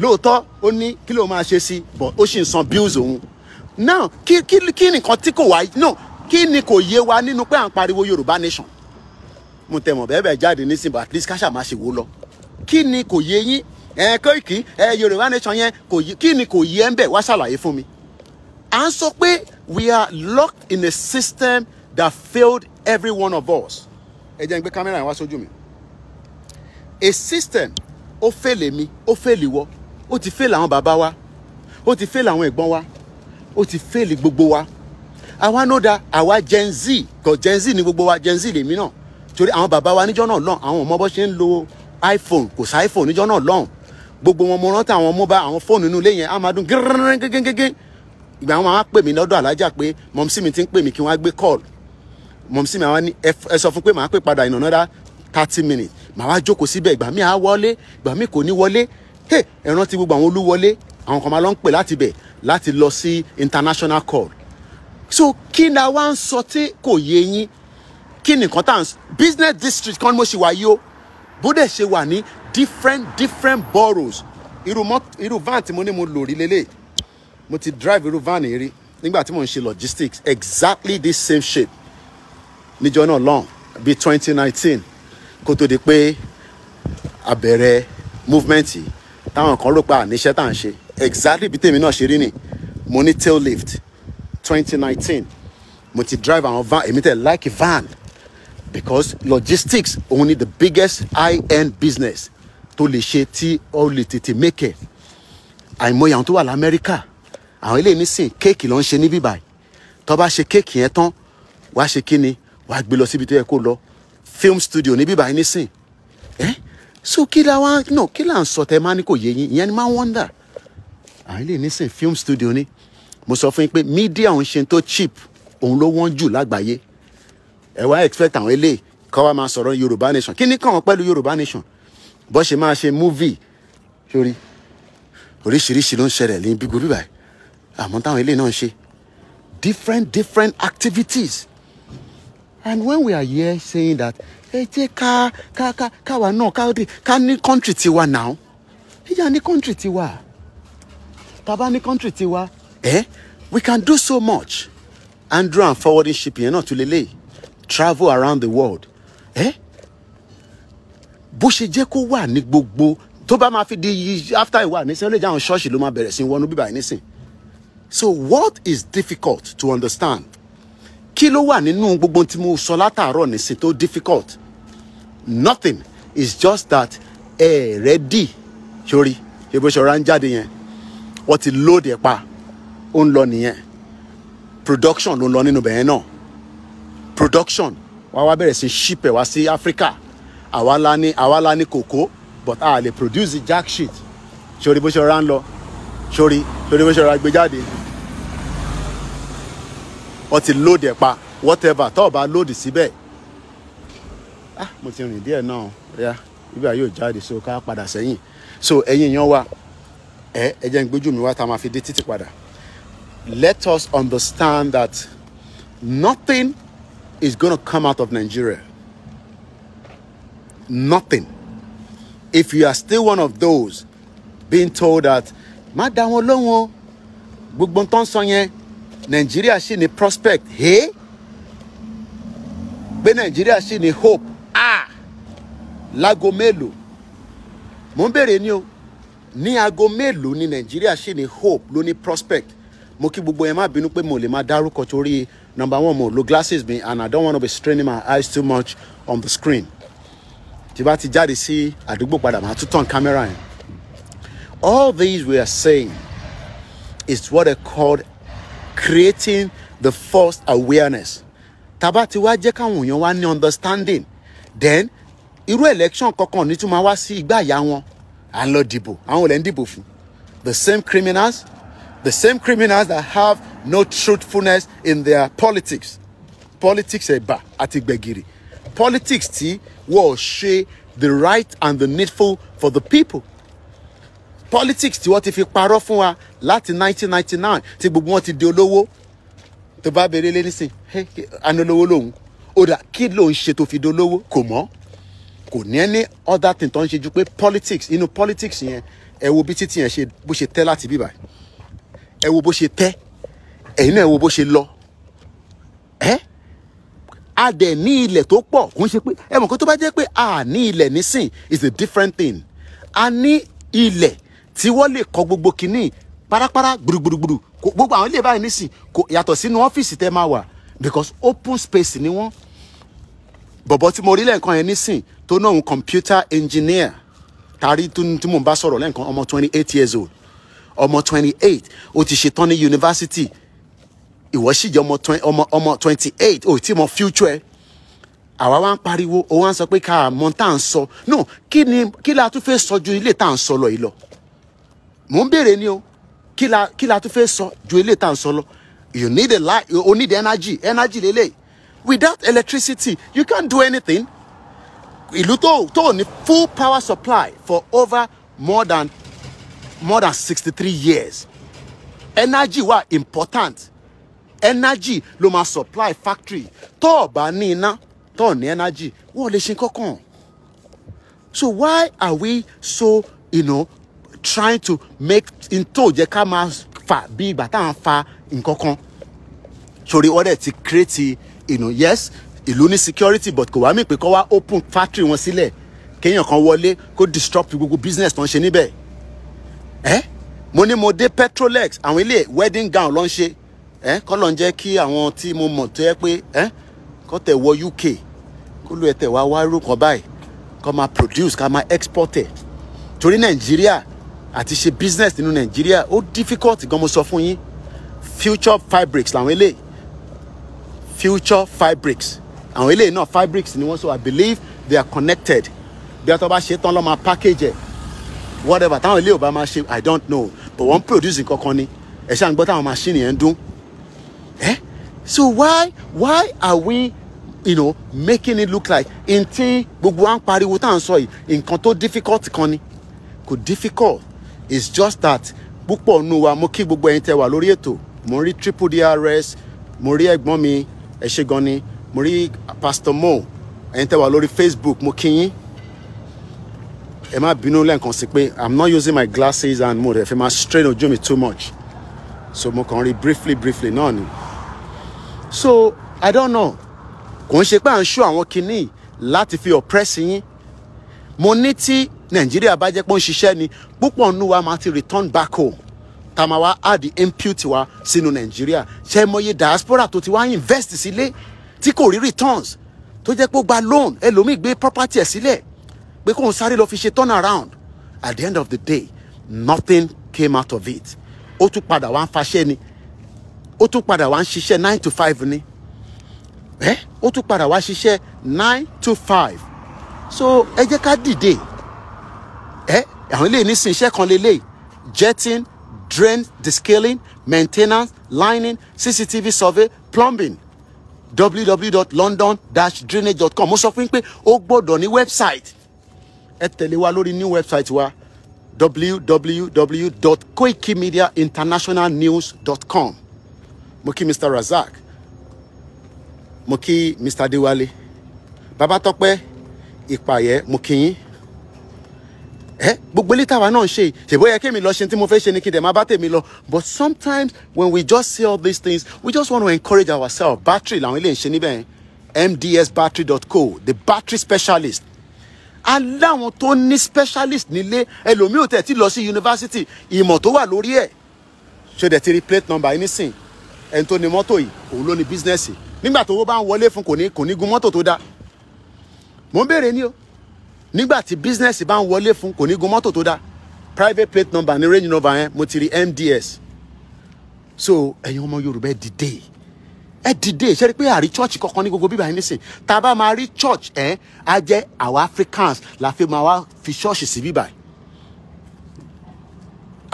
lóòótọ́ ó ní kí ló máa ṣe sí but ó sì ń san bills òun now kí kí kí nìkan tí kò wá no kí ni kò yé wa nínú pé à ń pariwo Yorùbá nation mo tẹ̀ mọ̀ bẹ́ẹ̀ jáde nísìnyí but at least káṣà máa ṣe wò lọ kí ni kò yé yín ẹ Koiki ẹ Yorùbá nation yẹn kò yé kí ni kò yé ẹ ń bẹ̀ wá ṣàlàyé fún mi à ń sọ pé we are locked in a system that failed every one of us ẹ jẹ́ n gbé kámẹ́rà yẹn wá sójú mi a system ó fèlè mi ó fèlè wọ ó ti fèlè àwọn bàbá wa ó ti fèlè àwọn ẹ̀gbọ́n wa ó ti fèlè gbogbo wa àwa náà da àwa gen z kò gen z ni gbogbo wa gen z lèmi náà torí àwọn bàbá wa níjọ́ náà lọ́n àwọn ọmọ bó ṣe ń lo iphone kò sí iphone níjọ́ náà lọ́n gbogbo wọn mo rántí àwọn mobile àwọn fóònù inú ilé yẹn á máa dún gẹ́gẹ́gẹ́gẹ́ ìgbà wọn á pè mí lọ́dọ̀ alájà pé mọ̀mísí mi ti ń pè mí kí wọ́n á gbé call mọ̀mísí mi àwọn ẹ sọ fún pé màá pè padà in another thirty minutes màá wá jókòó síbẹ̀ ìgbà mi á wọlé ìgbà mi kò ní wọlé ẹ rántí gbogbo àwọn olúwọlé àwọn kan máa lọ ń pè láti bẹ̀ láti lọ sí international call so kí ni a wá ń sọ tí kò yé yín kí ni nǹkan tá à ń sọ business district kan mo ṣe wà yìí o bóde ṣe wà ní different different boroughs irú mọ irú van tí mo ní mo lò rí lélẹ̀ mo ti drive irú van yìí rí nígbà tí mo ń ṣe logistics exactly the same shape níjọ náà long bíi twenty nineteen kó tó di pé àbẹ̀rẹ̀ movement yìí táwọn kan rò pé àníṣẹ́ tá à ń ṣe exactly bí tèmi náà ṣe rí nì mo ní tail lift 2019. nineteen mo ti drive àwọn van èmi tẹ̀ like van because logistics òun ni the biggest high-end business tó lè ṣe tí ó lè tètè make it àìmọye àwọn tó wà lamẹ́ríkà àwọn ilé nísìn kéèkì ló ń ṣe níbí báyìí tó bá ṣe kéèkì yẹn tán wàá ṣe kí ni wàá gbé lọ síbi tó yẹ kó lọ film studio níbí báyìí nísìn ẹ so kí la wá no kí la ń sọ tẹ máa ní kò yé yín ìyẹn ni máa ń wonder àyìn lè nísìn film studio ni mo sọ fún yín pé media òun ṣe tó cheap òun ló wọ́n jù lágbàáyé ẹ wá expect àwọn eléyìí kọ́ wa máa sọ̀rọ̀ Yorùbá nation kí ni kàn wọ́n pẹ̀lú Yorùbá nation bó ṣe máa ṣe movie sórí oríṣiríṣi ló ń ṣẹlẹ̀ ní gbígbó bíbáyìí àmọ́ táwọn eléyìí náà ń ṣe different different activities and when we are here saying that ẹ jẹ́ ká ká ká káwa náà ká ká ní country tiwa now ìjà ní country tiwa Taba ní country tiwa eh we can do so much andrew and forwarding shipping náà tún lélẹ̀ travel around the world eh bó ṣe jẹ́ kó wà ní gbogbo tó bá máa fi di after ìwà nísìnyí ó lè jẹ́ àwọn ṣọ́ọ̀ṣì ló máa bẹ̀rẹ̀ sí wọnú bíbá yìí nísìnyí so what is difficult to understand kí ló wà nínú gbogbo tí mo sọ látàárọ̀ nísìn tó difficult nothing it's just that ẹ eh, ready sórí ṣe bó ṣe ọ̀rá ń jáde yẹn wọ́n ti load ẹ̀ pa ó ń lọ nìyẹn production ló ń lọ nínú bẹ̀yẹn náà production wá wá bẹ̀rẹ̀ sí ship ẹ̀ wá sí Africa àwa la ní àwa la ní kòkó but a lè produce the jack shit sórí bó ṣe ọ̀rá ń lọ sórí sórí bó ṣe ọ̀rá gbé jáde wọ́n ti lóde pa whatever tó o bá lóde síbẹ̀ ah mo ti rìn díẹ̀ náà ríà ibà yóò jáde so ká padà sẹ́yìn so ẹ̀yin èèyàn wa ẹ ẹ jẹ́ n gbójú mi wá tá a máa fi dé títì padà let us understand that nothing is gonna come out of Nigeria nothing if you are still one of those being told that má dá wọn lóhùn o gbogbo tó sọ yẹn nàìjíríà sì ní prospect hey? pé nàìjíríà sì ní hope ah lágo mélòó mo ń béèrè ni o ní aago mélòó ni nàìjíríà ṣì ní hope ló ní prospect mo kí gbogbo yẹn má bínú pé mo lè máa dárúkọ torí number one mo lo glasses mi and i don't wanna be straining my eyes too much on the screen tí bá ti jáde sí àdúgbò padà máa tún tàn camera. yẹn all these we are saying is what they called creating the first awareness tàbá ti wá jẹ́ káwọn èèyàn wá ní understanding then iru election kankan ni tún máa wá sí igbá ìyá wọn à ń lọ dìbò àwọn olè ń the same criminals the same criminals that have no truthfulness in their politics politics eba àti gbẹ̀gìrì politics tí wọ́n ṣe the right and the needful for the people politics tí wọ́n ti fi parọ́ fún wa láti 1999 tí gbogbo wọn ti di olówó tó bá bèrè lé nísìn anulówó lòun ó dà kí ló ń ṣe tó fi dolówó kò mọ́ kò ní ẹni other thing tó ń ṣe ju pé politics inú politics yẹn ẹ wo bí títí yẹn ṣe bó ṣe tẹ́ láti bíbà ẹ wo bó ṣe tẹ́ ẹ̀yin náà ẹ wo bó ṣe lọ ẹ́ a dẹ̀ ní ilẹ̀ tó pọ̀ kò ń ṣe pé ẹ mọ̀ kó tó bá jẹ́ pé a ní ilẹ̀ nísìn is a different thing a ní ilẹ̀ tí wọ́n lè kọ gbogbo kínní parapara gbùrùgbùrùgbùrù gbogbo àwọn ilé báyìí nísìn kò yàtọ̀ sínú ọ́fíìsì tẹ́ máa wà because open space ni wọ́n bọ̀bọ̀ tí mo rí lẹ́ẹ̀kan yẹn nísìn tó náà ń computer engineer tari tí mò ń bá sọ̀rọ̀ lẹ́ẹ̀kan ọmọ twenty eight years old ọmọ twenty eight o ti ṣetán ní yunifásitì ìwọ sì jẹ́ ọmọ ọmọ twenty eight o ti mọ future ẹ àwa wá ń pariwo o wá ń sọ pé ká mọ tá à ń sọ no kí ni kí la tún fẹ́ sọ ju ilé tá à ń sọ lọ yìí lọ mò ń béèrè ni o kí la kí la tún fẹ́ sọ ju eléyìí tá à ń sọ lọ you need a light you need energy energy lélẹ̀ without electricity you can't do anything ìlú tó tó ní full power supply for over more than more than sixty three years energy wa important energy ló ma supply factory tó o bá ní iná tó o ní energy wọ́n lè ṣe kankan so why are we so you know, trying to make ntò jẹ́ ká máa fà bí ìgbà tá à ń fa nǹkan kan sórí ọ̀rẹ́ ti create you know yes ìlú ní security but kò wá mí pé kó wá open factory wọn sílẹ̀ kéèyàn kan wọlé kó disrupt gbogbo business tó ń ṣe níbẹ̀ ẹ́ mo ní mo dé petrolex àwọn ilé wedding gown ló ń ṣe ẹ́ kọ́ ló ń jẹ́ kí àwọn tí mo mọ̀ tó yẹ pé ẹ́ kọ́ tẹ̀ wọ UK kó ló ẹ tẹ̀ wá wá irú kan báyìí kọ́ máa produce ká máa export ẹ̀ torí Nàìjíríà àti ṣe business nínú nàìjíríà ó difficult gan mo sọ fún yín future fabrics làwọn eléyìí future fabrics àwọn eléyìí náà fabrics ni wọ́n sọ i believe they are connected bí wọ́n tó bá ṣe tán lọ́ máa package ẹ̀ whatever táwọn eléyìí ò bá máa ṣe i don't know but wọ́n produce nǹkan kan ni ẹ̀ ṣáà ń gbọ́ táwọn machine yẹn ń dún ẹ́ so why why are we you know, making it look like ntí gbogbo à ń pariwo tá à ń sọ yìí nǹkan tó difficult kan ni kò difficult it's just that púpọ̀ nù wa mo kí gbogbo ẹ̀yin tẹ́ wà lórí ètò mo rí triple drs mo rí ẹ̀gbọ́n mi ẹ ṣé gan ni mo rí pastor mo ẹ̀yin tẹ́ wà lórí facebook mo kí yín ẹ má bínú lẹ́ẹ̀kan sí pé i'm not using my glasses and mo rẹ̀ fi máa strain ojú mi too much so mo kàn rí briefly briefly náà ni so i don't know kò ń ṣe pé à ń ṣó àwọn kinní láti fi oppress yín mo ní tí nàìjíríà bá jẹ́ pé ó ń ṣiṣẹ́ ni púpọ̀ nínú wa máa ti return back home tá máa wá add the input wa sínú nàìjíríà ṣe mọye diaspora tó ti wá invest sílé tí kò rí returns tó jẹ́ pé gba loan ẹlòmíì gbé property ẹ̀ sílẹ̀ pé kóun sáré lọ fi ṣe turn around at the end of the day nothing came out of it ó tún padà wá ń faṣẹ́ ni ó tún padà wá ń ṣiṣẹ́ nine to five ni ẹ́ ó tún padà wá ṣiṣẹ́ nine to five so ẹ jẹ́ ká dìde ẹ àwọn ilé ìnísìn iṣẹ́ kan lélẹ̀ jetting drain descaling maintenance lining cctv survey plumbing www.london-drainage.com mo sọ fún yín pé ó gbọ́dọ̀ ní website ẹ tẹ̀lé wa lórí new website wa www.koikimediainternationalnews.com mo kí mr razak mo kí mr adéwálé babatọ́pẹ́ ìpàyẹ́ mo kí yín ẹ gbogbo ilé táwa náà ṣe ṣèbó yẹ kémi lọ ṣe tí mo fẹ́ ṣe ni kí n dẹ̀ máa bá tèmi lọ but sometimes when we just see all these things we just want to encourage ourselves battery làwọn ilé ń ṣe níbẹ̀ mdsbattery.co the battery specialist aláwọn tó ní specialist nílé ẹlòmíì ò tẹ̀ tí lọ sí yunifásitì ìmọ̀ tó wà lórí ẹ̀ ṣe dẹ̀ ti rí plate number yìí nísìn ẹni tó ní mọ́tò yìí òun ló Ni bísínẹ́sì nígbà tó owó bá ń wọlé fún kò ní kò ní gun mọ́tò tó dáa mò ń béèrè ni o nígbà tí bísínẹ́sì bá ń wọlé fún kò ní gun mọ́tò tó dáa private plate number ní range number yẹn mo ti rí MDS so ẹ̀yin ọmọ Yorùbá ẹ dìde ẹ dìde ṣe rí pé àrí church kankan ní gbogbo bíbá yín nísìn tá a bá máa rí church ẹ á jẹ́ àwọn Africans la fi máa wá fi church sí bíbá yìí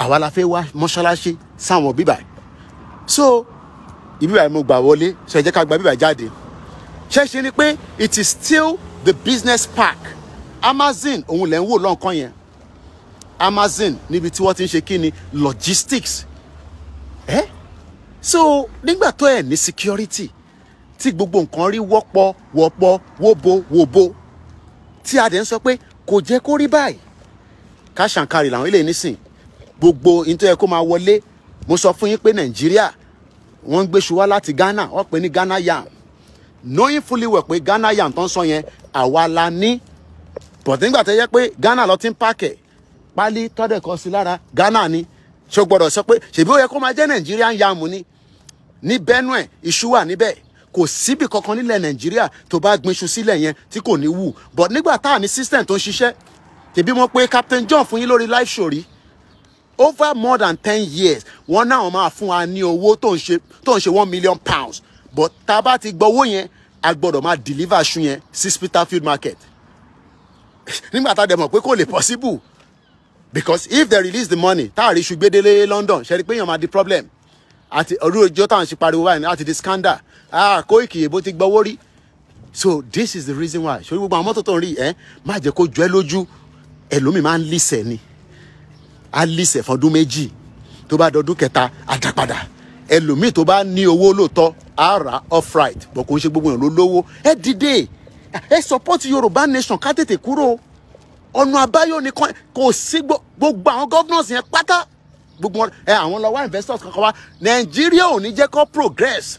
àwa la fẹ́ wá mọ́ṣáláṣí sáwọn bíbá yìí so ibíbá yìí mo gbà wọlé ṣe jẹ́ ká gba bíbá jáde ṣe ṣe ni pé it is still the business park amazon òun lẹ́ ń wò lọ́nkàn yẹn amazon níbi tí wọ́n ti ń ṣe kí ni logistics ẹ́ eh? so nígbà tó ẹ̀ ní security tí gbogbo nǹkan rí wọ́pọ̀ wọ́pọ̀ wóbo wòbo tí a dẹ̀ ń sọ pé kò jẹ́ kó rí báyìí carry làwọn ilé nísìn gbogbo ní tó yẹ kó máa wọlé mo sọ fún yín pé nàìjíríà wọ́n ń gbé ṣu láti ghana wọ́n pè ní ghana yam knowing fully well pé ghana yam tó ń sọ yẹn àwa la ní bọ̀dé nígbà tó yẹ pé Ghana lọ ti ń pààkẹ̀ pálí tọ́dẹ̀ kọ́ sí lára Ghana ni ṣó gbọ́dọ̀ sọ pé ṣèbí ó yẹ kó máa jẹ́ Nigerian yam ni ní Benue iṣu wà níbẹ̀ kò síbi kankan nílẹ̀ Nàìjíríà tó bá gbinṣu sílẹ̀ yẹn tí kò ní wù but nígbà tá à ní system tó ń ṣiṣẹ́ tèbí mo pe Captain John fún yín lórí live show rí over more than ten years wọn náà máa fún wa ní owó tó ń ṣe tó ń one million pounds but tá a bá ti gbọ́ owó yẹn a gbọ́dọ̀ máa deliver ṣu yẹn sí Spitalfield market nígbà tá a dẹ̀ mọ̀ pé kò lè possible because if they release the money táàrí iṣu gbédélé London ṣe rí pé èèyàn máa di problem àti òru ọjọ́ táwọn ṣe pariwo báyìí àti di scandal ah Koiki èbó ti gbọ́wọ́ rí so this is the reason why ṣòrí gbogbo àwọn mọ́tò tó ń rí ẹ má jẹ́ kó jọ ẹ́ lójú ẹlòmíì máa ń lísẹ̀ ni á lísẹ̀ fọdún méjì tó bá dọdún kẹta àdàpadà ẹlòmíì tó bá ní owó lóòótọ́ á rà off right bọ̀ kò ń ṣe gbogbo èèyàn ló lówó ẹ dìde ẹ support yorùbá nation ká tètè kúrò ọ̀nà àbáyọ nìkan kò sí gbogbo àwọn governors yẹn pátá gbogbo ẹ àwọn lọ wá investors kankan wá nàìjíríà ò ní jẹ́ kó progress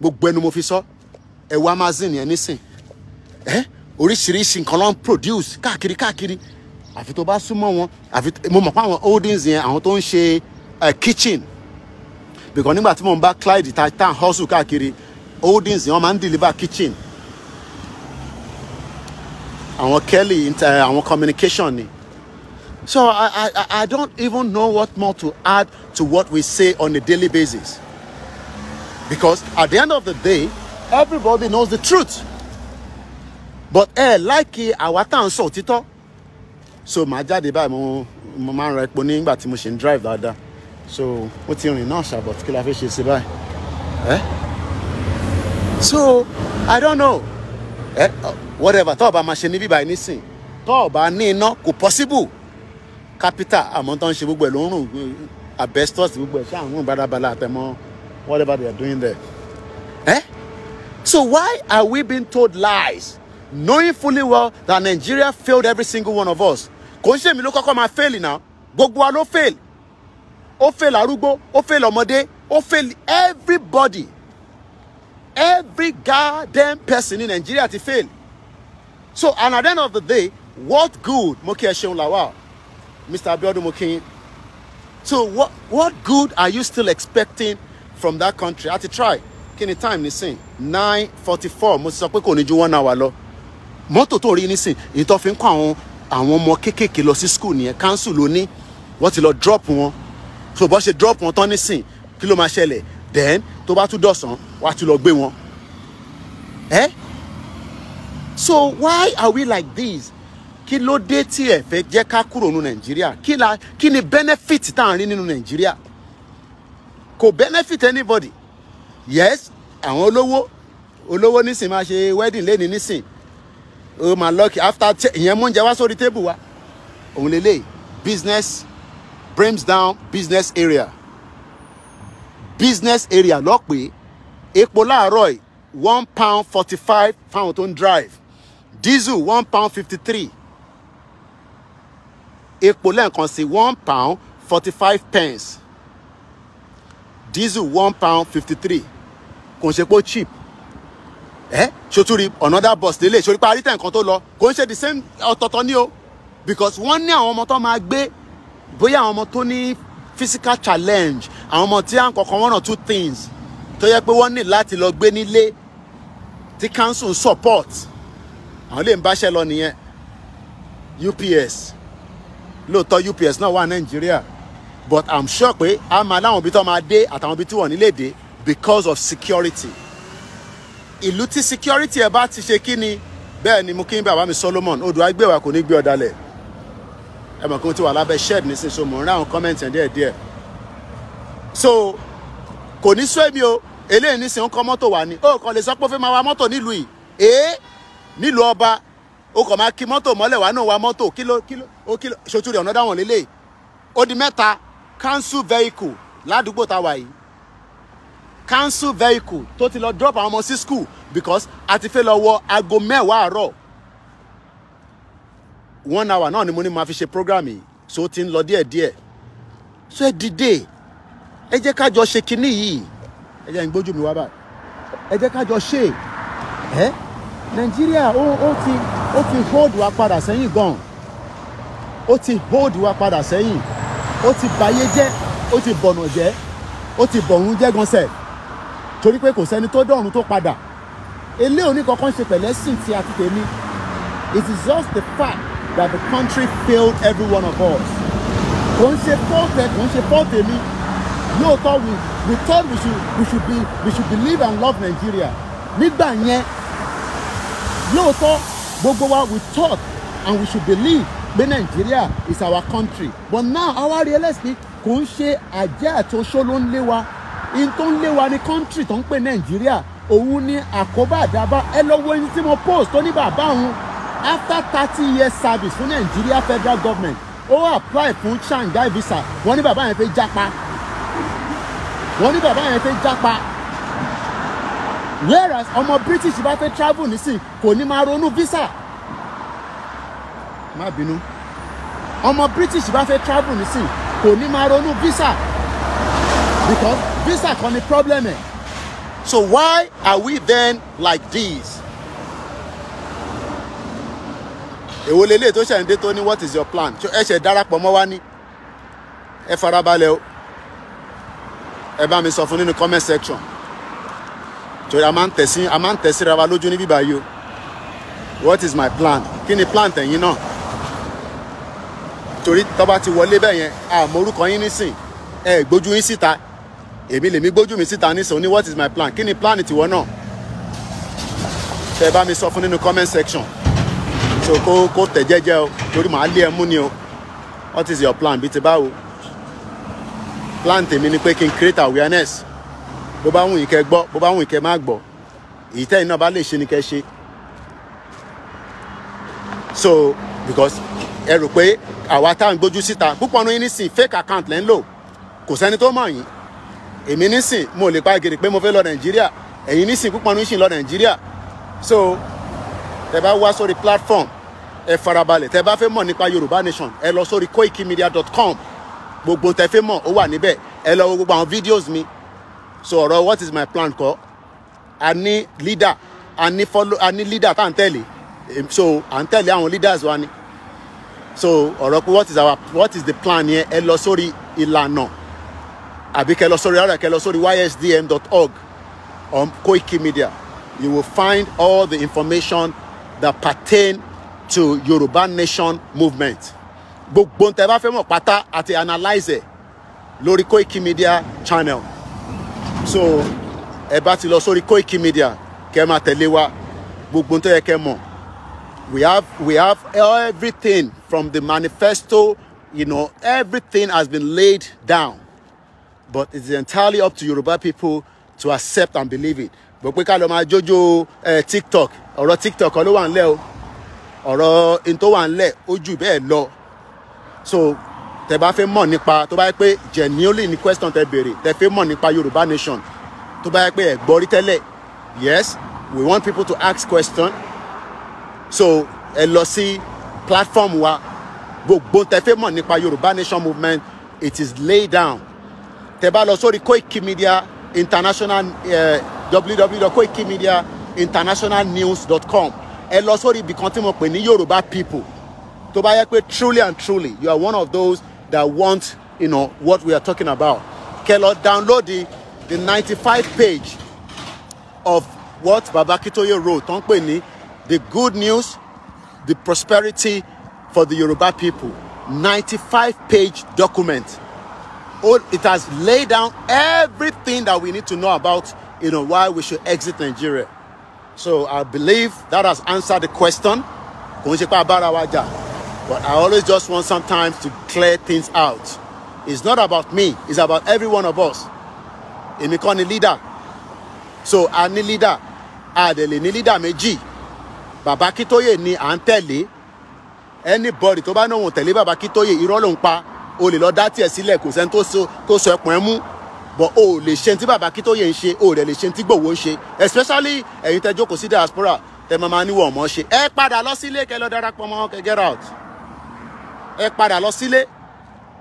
gbogbo ẹnu mo fi sọ ẹ wá amazon yẹn nísìn ẹ oríṣiríṣi nǹkan ló ń produce káàkiri káàkiri àfi tó bá súnmọ́ wọn àfi mo mọ̀ pé àwọn holdings yẹn àwọn tó ń ṣe kitchen because nígbà tí mo ń bá Clyde ta ta hustle káàkiri holdings yẹn wọ́n máa ń deliver kitchen àwọn kelly eh, àwọn communication ni so I, I i don't even know what more to add to what we say on a daily basis because at the end of the day everybody knows the truth but ẹ eh, láìkí àwa tá à ń sọ òtítọ́ so màá jáde báyìí mo mo máa ń ra epo nígbà tí mo ṣe ń drive dáadáa so ó ti rìn náà ṣàbọ̀ kí la fẹ́ ṣe sí báyìí ẹ eh? so i don't know. Eh? whatever tó o bá máa ṣe ní bíbá yìí nísìn tó o ní iná kò possible capital àmọ́ tó ń ṣe gbogbo ẹ̀ ló ń rùn asbestos gbogbo ẹ̀ ṣáà ń balabala àtẹmọ́ whatever they are doing there. Eh? So why are we being told lies knowing fully well that Nigeria failed every single one of us? Kò ń ṣe mi ló kọ́kọ́ máa fail náà gbogbo wa ló fail ó fail arúgbó ó fail ọmọdé ó fail everybody every goddamn person in Nigeria ti fail so and at the end of the day what good mo kí mr abiodun mo so what what good are you still expecting from that country àti try kí ni time nísìn nine forty four mo ti sọ pé kò one hour Lo. mọ́tò tó rí nísìn It tó fi ń kọ́ àwọn àwọn ọmọ kéékèèké lọ sí school nìyẹn council ló ní wọ́n ti lọ drop one. so bọ́ ṣe drop wọn tán nísìn kí ló then to bá tún dọ̀sán What you lọ gbé one? Eh so why are we like this kí ló dé tí ẹ fẹ́ jẹ́ ká kúrò nínú nàìjíríà kí la kí ni benefit tá à ń rí nínú nàìjíríà kò benefit anybody yes àwọn olówó olówó nísìn máa ṣe wedding lẹ́ni nísìn o máa lọ́ọ̀kì after ìyẹn mú oúnjẹ wá sórí table? wa òun lè lè business down business area business area lọ́pẹ́ epo láàárọ̀ one pound forty five pound tó ń drive diesel one pound fifty three epo lẹ́ẹ̀kan sí one pound forty five pence diesel one pound fifty three kò ń ṣe pé cheap ẹ soturi another bus lélẹ̀ sori parí tẹ̀ nǹkan tó lọ kò ń ṣe the same ọ̀tọ̀ọ̀tọ̀ ni o because wọ́n ní àwọn ọmọ tó máa gbé bóyá àwọn ọmọ tó ní physical challenge àwọn ọmọ tí à ń kọ̀ọ̀kan one or two things tó yẹ pé wọ́n ní láti lọ gbé nílé tí council support àwọn lè ń báṣẹ́ lọ nìyẹn UPS lóòótọ́ UPS náà wà Nàìjíríà but I'm sure pé a máa láwọn ibi tó máa dé àtàwọn ibi tí wọ́n nílé dé because of security ìlú tí security ẹ bá ti ṣe kí ni bẹ́ẹ̀ ni mo kí n bàbá mi Solomon odò agbèwà kò ní gbé ọ̀dàlẹ̀ ẹ mọ̀ kí n ti wà lábẹ́ shed nísìnyí so mò ń ráwọn comment ẹ̀ díẹ̀ díẹ̀ so kò ní sọ èmi o eléyìí nísìnyí ń kọ́ mọ́tò wà ní o kò lè sọ pé ó fẹ́ máa wa mọ́tò nílùú yìí èé. Eh? nílùú ọba o kàn máa kí mọ́tò mọ́lẹ̀ wà náà wa mọ́tò kíló kíló ó kíló ṣojú rẹ̀ ọ̀nà dáwọn lélẹ̀ ó di mẹ́ta council vehicle ládùúgbò tá a wà yìí council vehicle tó ti lọ drop àwọn ọmọ sí school because a ti fẹ́ lọ wọ aago mẹ́wàá àárọ̀ one hour náà ni mo ní máa fi ṣe program yìí so ó ti ń lọ díẹ̀díẹ̀ so ẹ dìde ẹ jẹ́ ká jọ ṣe kinní yìí ẹ jẹ́ ń gbójú mi wá báyìí ẹ jẹ́ ká jọ ṣe é nàìjíríà ó ti ó ti hold wa padà sẹ́yìn gan ó ti hold wa padà sẹ́yìn ó ti bàyé jẹ́ ó ti bọ̀nà jẹ́ ó ti bọ̀run jẹ́ gan torí pé kò sẹ́ni tó dọ̀run tó padà ilé òní ṣe pẹ̀lẹ́ sìn tí a tèmi it is just the fact that the country failed every one of us kò ń ṣe fault ẹ kò ń ṣe fault èmi lóòótọ́ we we thought we should we should be we should believe and love Nigeria nígbà yẹn lóòótọ́ gbogbo wa we thought and we should believe pé Nigeria is our country but now our reality kò ń ṣe àjẹ́ àti oṣó ló ń lé wa in tó ń lé wa ní country tó ń pè Nigeria òun ni àkóbá àdábá ẹ lọ wo ẹni tí mo post tó ní bàbá òun after thirty years service fún Nigeria federal government ó apply fún Shanghai visa wọ́n ní bàbá yẹn fẹ́ jápa wọ́n ní bàbá yẹn fẹ́ jápa whereas ọmọ british bá fẹ́ travel nísìn kò ní máa ronú visa má bínú ọmọ british bá fẹ́ travel nísìn kò ní máa ronú visa because visa kan ni problem ẹ̀. so why are we then like this. èwo lélẹ̀ tó ṣẹ̀ tó ní what is your plan ẹ ṣẹ̀ darapọ̀ mọ́ wa ní ẹ farabalẹ̀ o ẹ bá mi sọ fún nínú comment section torí a máa ń tẹ̀sí a máa ń tẹ̀síra wa lójú ní bíbá o what is my plan kí ni plan tẹ̀yìn náà torí tọ́ba ti wọlé bẹ́ẹ̀ yẹn àmọ́ orúkọ yín nísìn ẹ gbójú yín síta èmi lèmi gbójú mi síta nísìn ní what is my plan kí ni plan tiwọ náà tẹ bá mi sọ fún nínú comment section so kó kó tẹ̀ jẹ́jẹ́ o torí màá lé ẹ ni o what is your plan bíi ti báwo plan tèmi ni pé kí n create awareness bó bá wùn yín kẹ́ bó bá wùn yín má gbọ́ èyí tẹ́yìn náà bá lè ṣe ni kẹ́ ṣe so because ẹ rò pé àwa tá à ń gbójú síta púpọ̀ nínú yín nísìn fake account lẹ́ ń lò kò sẹ́ni tó mọ̀ yín èmi nísìn mo lè pa gèrè pé mo fẹ́ lọ nàìjíríà ẹ̀yin nísìn púpọ̀ nínú yín sì lọ nàìjíríà so tẹ bá wá sórí platform ẹ farabalẹ̀ tẹ bá fẹ́ mọ̀ nípa yorùbá nation ẹ lọ sórí koikimedia.com gbogbo tẹ fẹ́ mọ̀ ó wà níbẹ̀ ẹ lọ wo gbogbo àwọn videos mi so ọ̀rọ̀ what is my plan kọ́ a ní leader a ní follow a ní leader tá à ń tẹ̀lé so à ń tẹ̀lé àwọn leaders wa ni so ọ̀rọ̀ pé what is our what is the plan yẹn ẹ lọ sórí ìlànà àbí kẹ lọ sórí ara kẹ lọ sórí ysdm.org on Koiki Media you will find all the information that pertain to Yoruba Nation movement gbogbo ntẹ bá fẹ́ mọ̀ pátá àti analyse ẹ̀ lórí Koiki Media channel so ẹ bá ti lọ sórí Koiki Media kẹ́ máa tẹ̀lé wa gbogbo tó yẹ kẹ́ mọ̀ we have we have everything from the manifesto you know everything has been laid down but it's entirely up to Yoruba people to accept and believe it gbọ́ pé ká lọ máa jójó TikTok ọ̀rọ̀ TikTok ló wà ńlẹ̀ o ọ̀rọ̀ n tó wà ńlẹ̀ ó bẹ́ẹ̀ lọ so tẹ bá fẹ́ mọ̀ nípa tó bá yẹ pé genuinely ni question tẹ béèrè tẹ fẹ́ mọ̀ nípa Yorùbá nation tó bá yẹ pé ẹ gbọ́ rí tẹ́lẹ̀ yes we want people to ask question so ẹ lọ sí platform wa gbogbo tẹ fẹ́ mọ̀ nípa Yorùbá nation movement it is laid down tẹ bá lọ sórí Koiki Media international uh, eh, www.koikimediainternationalnews.com ẹ lọ sórí ibìkan tí mo pè ní Yorùbá people tó bá yẹ pé truly and truly you are one of those that want you know what we are talking about kẹ́ lọ download the the ninety five page of what babakitoye wrote on ń pè the good news the prosperity for the Yoruba people ninety five page document all oh, it has laid down everything that we need to know about you know why we should exit Nigeria so I believe that has answered the question kò ń ṣe pé abára wa jà. But I always just want sometimes to clear things out. It's not about me, it's about every one of us. In kọ́ ni leader. So a ní leader, a dẹ̀ lè ní leader méjì. Bàbá Kítóyè ni à ń tẹ̀lé. Anybody tó bá ní òun tẹ̀lé Bàbá Kítóyè irọ́ ló pa. O lè lọ dá tiẹ̀ sílẹ̀ kò sẹ́ni tó sọ ẹkùn ẹ mú. But o lè ṣe ti Bàbá Kítóyè ń ṣe, o dẹ̀ lè ṣe ti Gbòwó ń Especially ẹ̀yin tẹ́ jókòó sí diaspora tẹ́ máa ma níwọ̀ ọ̀mọ́ ṣe. Ẹ padà lọ sílé kẹ́ lọ darapọ̀ mọ́ kẹ́ get out ẹ padà lọ sílé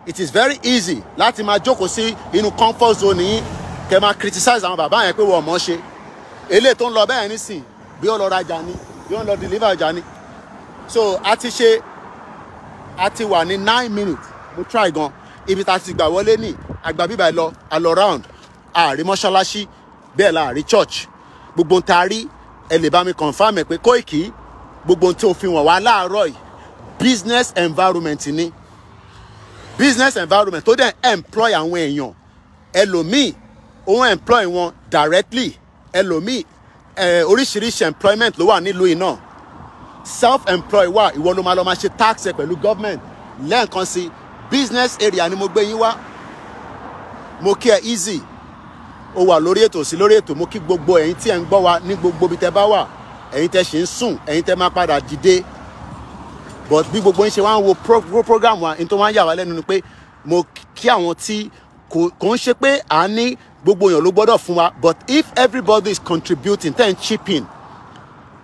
it is very easy láti máa jókòó sí inú comfort zone yín kẹ máa criticize àwọn bàbá yẹn pé wọ́n mọ̀ ṣe eléyìí tó ń lọ bẹ́ẹ̀ nísìn bí ó lọ rajà ni bí ó ń lọ deliver ọjà ni so a ti ṣe a ti wà ní nine minutes mo try gan ibi tá a ti gbà wọlé ní àgbà bíbá lọ a lọ round àárí mọ́ṣáláṣí bẹ́ẹ̀ la àárí church gbogbo ń taari ẹ lè bá mi confam ẹ pé Koiki gbogbo ohun tí o fi láàárọ̀ yìí business environment ni business environment tó dẹ̀ employ àwọn èèyàn ẹlòmíì òun employ wọn directly ẹlòmíì ẹ oríṣiríṣi employment ló wà nílùú iná self employ wà ìwọ ló máa lọ máa ṣe tax ẹ pẹ̀lú government lẹ́ẹ̀kan sí business area ni mo gbé yín wá mo kí ẹ easy ó wà lórí ètò sí lórí ètò mo kí gbogbo ẹ̀yin tí ẹ ń gbọ́ wa ní gbogbo ibi tẹ́ bá wà ẹ̀yin tẹ́ ṣì ń sùn ẹ̀yin tẹ́ máa padà dìde but bí gbogbo ń ṣe wá ń wo program wa n tó máa ń yà wá lẹ́nu ni pé mo kí àwọn tí kò ń ṣe pé à ń ní gbogbo èèyàn ló gbọ́dọ̀ fún wa but if everybody is contributing ten chipping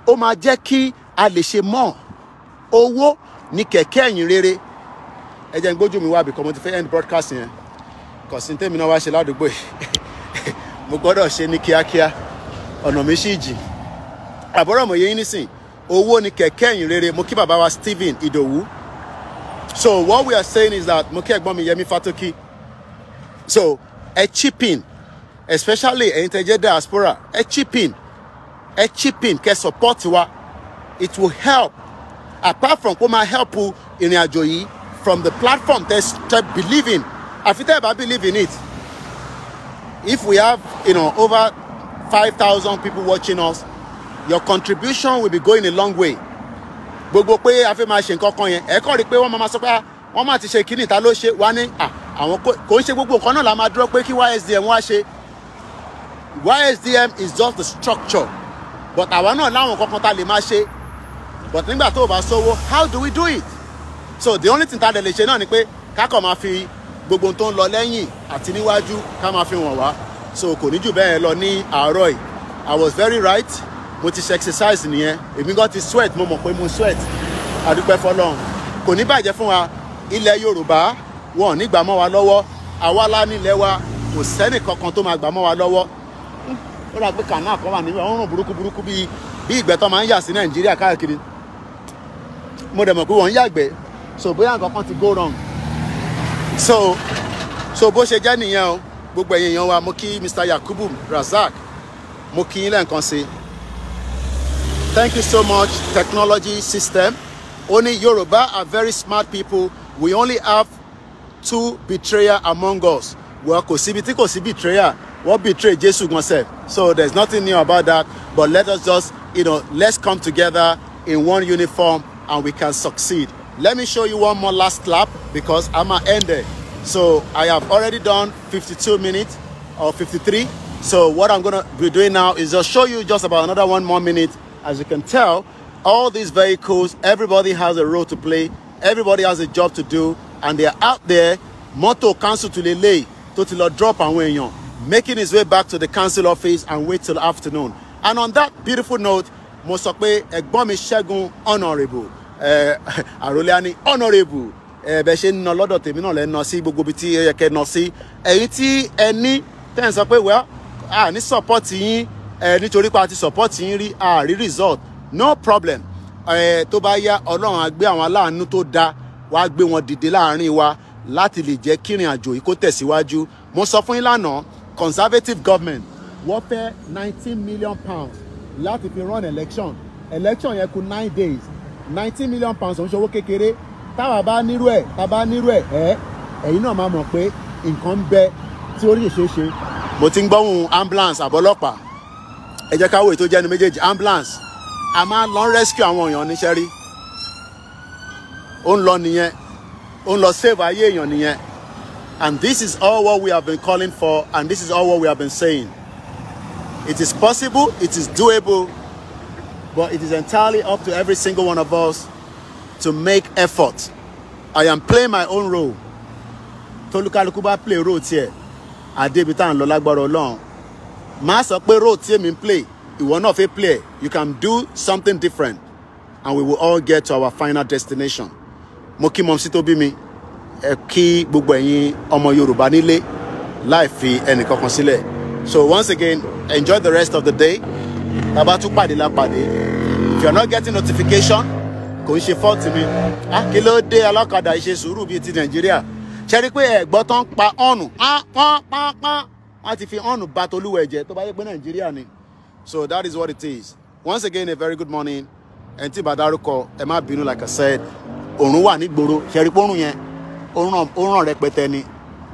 ó máa jẹ́ kí a lè ṣe mọ́ owó ní kẹ̀kẹ́ ẹ̀yìn rere ẹ jẹ́ n gbójú mi wá because mo ti fẹ́ end broadcast yẹn kọ̀sìn tèmi náà wá ṣe ládùúgbò yìí [laughs] mo gbọ́dọ̀ ṣe ní kíákíá ọ̀nà mi ṣì jì àbúrò mọ̀ yẹn nísìn owó ni kẹ̀kẹ́ ẹ̀yìn rere mo kí bàbá wa Stephen Idowu so what we are saying is that mo kí ẹ̀gbọ́n mi Yẹmi Fatoki so ẹ chip in especially ẹ̀yin tẹ́ jẹ́ diaspora ẹ chip in ẹ chip in kẹ́ support wa it will help apart from kó máa help ìrìn àjò yìí from the platform tẹ́ tẹ́ believe in àfi tẹ́ ẹ bá believe in it if we have you know, over five thousand people watching us your contribution will be going a long way gbogbo pé a fẹ́ máa ṣe nǹkan kan yẹn ẹ kàn rí i pé wọ́n máa sọ pé ah, wọ́n máa ti ṣe kíní ìta ló ṣe wá ní ah, àwọn kò ń ṣe gbogbo nǹkan náà la máa dúró pé kí ysdm wá ṣe ysdm is just the structure but àwa náà láwọn nǹkan kan tá a lè máa ṣe but nígbà tó o bá sówó how do we do it so the only thing tá a lè ṣe náà ni pé kákọ̀ máa fi gbogbo ohun tó ń lọ lẹ́yìn àti níwájú ká máa fi wọ̀n wá so kò ní jù bẹ́ẹ̀ lọ ní àárọ̀ yìí i was very right mo ti ṣe exercise nìyẹn èmi gan ti sweat mo mọ̀ pé mo sweat àdúpẹ́ fọlọ́run kò ní bàjẹ́ fún wa ilẹ̀ yorùbá wọn ò ní gbà mọ́ wa lọ́wọ́ àwa la nílẹ̀ wa kò sẹ́nì kankan tó máa gbà mọ́ wa lọ́wọ́ ó rà pé kànáà kan wà níbẹ̀ wọ́n rùn burúkú burúkú bíi bí ìgbẹ́ tó máa ń yà sí nàìjíríà káàkiri mo dẹ̀ mọ̀ pé wọ́n ń yàgbẹ́ so bóyá nǹkan kan ti go wrong so so bó ṣe jẹ́ nìyẹn o gbogbo ẹ̀yin èèyàn wa mo kí mr yakubu razak mo kí yín lẹ́ẹ̀kan sí i Thank you so much, technology system. Only Yoruba are very smart people. We only have two betrayer among us. Well, kò síbi tí kò sí betrayer. What betray Jesus gan sef? So there's nothing new about that. But let us just, you know, let's come together in one uniform and we can succeed. Let me show you one more last clap because I'm at end there. So I have already done 52 minutes or 53. So what I'm gonna be doing now is just show you just about another one more minute As you can tell, all these vehicles, everybody has a role to play, everybody has a job to do, and they are out there. Motor Council to Lele, tó ti lọ drop àwọn èèyàn, making his way back to the council office and wait till afternoon. And on that beautiful note, mo sọ pé ẹ̀gbọ́n mi Ṣẹ́gun honourable eh, [laughs] àròlé àní honourable ẹ̀bẹ̀ eh, ṣe ń na lọ́dọ̀ tèmi náà lẹ́ ń na sí gbogbo ibi tí ẹ yẹ kẹ́ ẹ sí. Ẹ̀yin tí ẹ ní tẹ́ ń sọ pé wẹ́ẹ́ à ní support yín ẹ nítorí pé a ti support yín rí àárí result no problem ẹ tó bá yá ọlọ́run á gbé àwọn aláàánú tó dáa wàá gbé wọn dìde láàrin wa láti lè jẹ́ kí ìrìn àjò yìí kó tẹ̀síwájú mo sọ fún yín lánàá conservative government wọ́n fẹ́ nineteen million pounds láti fi run election election yẹn kù nine days nineteen million pounds òun ṣòwò kékeré táwa bá nírú ẹ̀ tá a bá nírú ẹ̀ ẹ́ ẹ̀yin náà máa mọ̀ pé nǹkan ń bẹ tí ó lè ṣeé mo ti ń gbóhùn ambulance àbọ́lọ́pàá ẹ jẹ́ ká wò ètò jẹ́nu méjèèjì ambulance a máa lọ rescue àwọn èèyàn níṣẹ́ rí ó ń lọ nìyẹn ó ń lọ save ayé èèyàn nìyẹn and this is all what we have been calling for and this is all what we have been saying it is possible it is doable but it is entirely up to every single one of us to make effort i am playing my own role tolukaluku bá play role tiẹ̀ àdébítà ń lọ lágbára Ọlọ́run má sọ pé role tí èmi ń play ìwọ náà fẹ́ play you can do something different and we will all get to our final destination mo kí mọ̀mísí tó bí mi ẹ kí gbogbo ẹ̀yin ọmọ Yorùbá nílé láì fi ẹnìkankan sílẹ̀ so once again enjoy the rest of the day bàbá tún pàdé lápàdé if you are not getting notification kò ń ṣe fọ́ọ̀tì mi kí ló dé ọlọ́kadà ìṣe sùúrù bíi ti Nàìjíríà ṣe rí i pé ẹ̀gbọ́n tó ń pa ọ̀nù pọ́n a ti fi ọ̀nù bá tolúwẹ̀ jẹ́ tó bá yẹ pé nàìjíríà ni so that is what it is once again a very good morning ẹni tí ìbá dárúkọ ẹ má bínú like i said òórùn wà nígboro ṣẹ̀rí pọ́nrún yẹn òórùn rẹpẹtẹ ni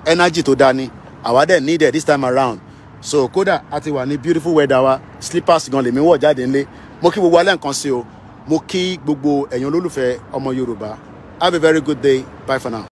energy tó dání àwa dẹ̀ needed this time around so kódà a ti wà ní beautiful weather wa slippers gan lèmi wọ̀ jáde ńlé mo kí gbogbo alẹ́ nǹkan sí o mo kí gbogbo ẹ̀yin olólùfẹ́ ọmọ yorùbá have a very good day bye for now.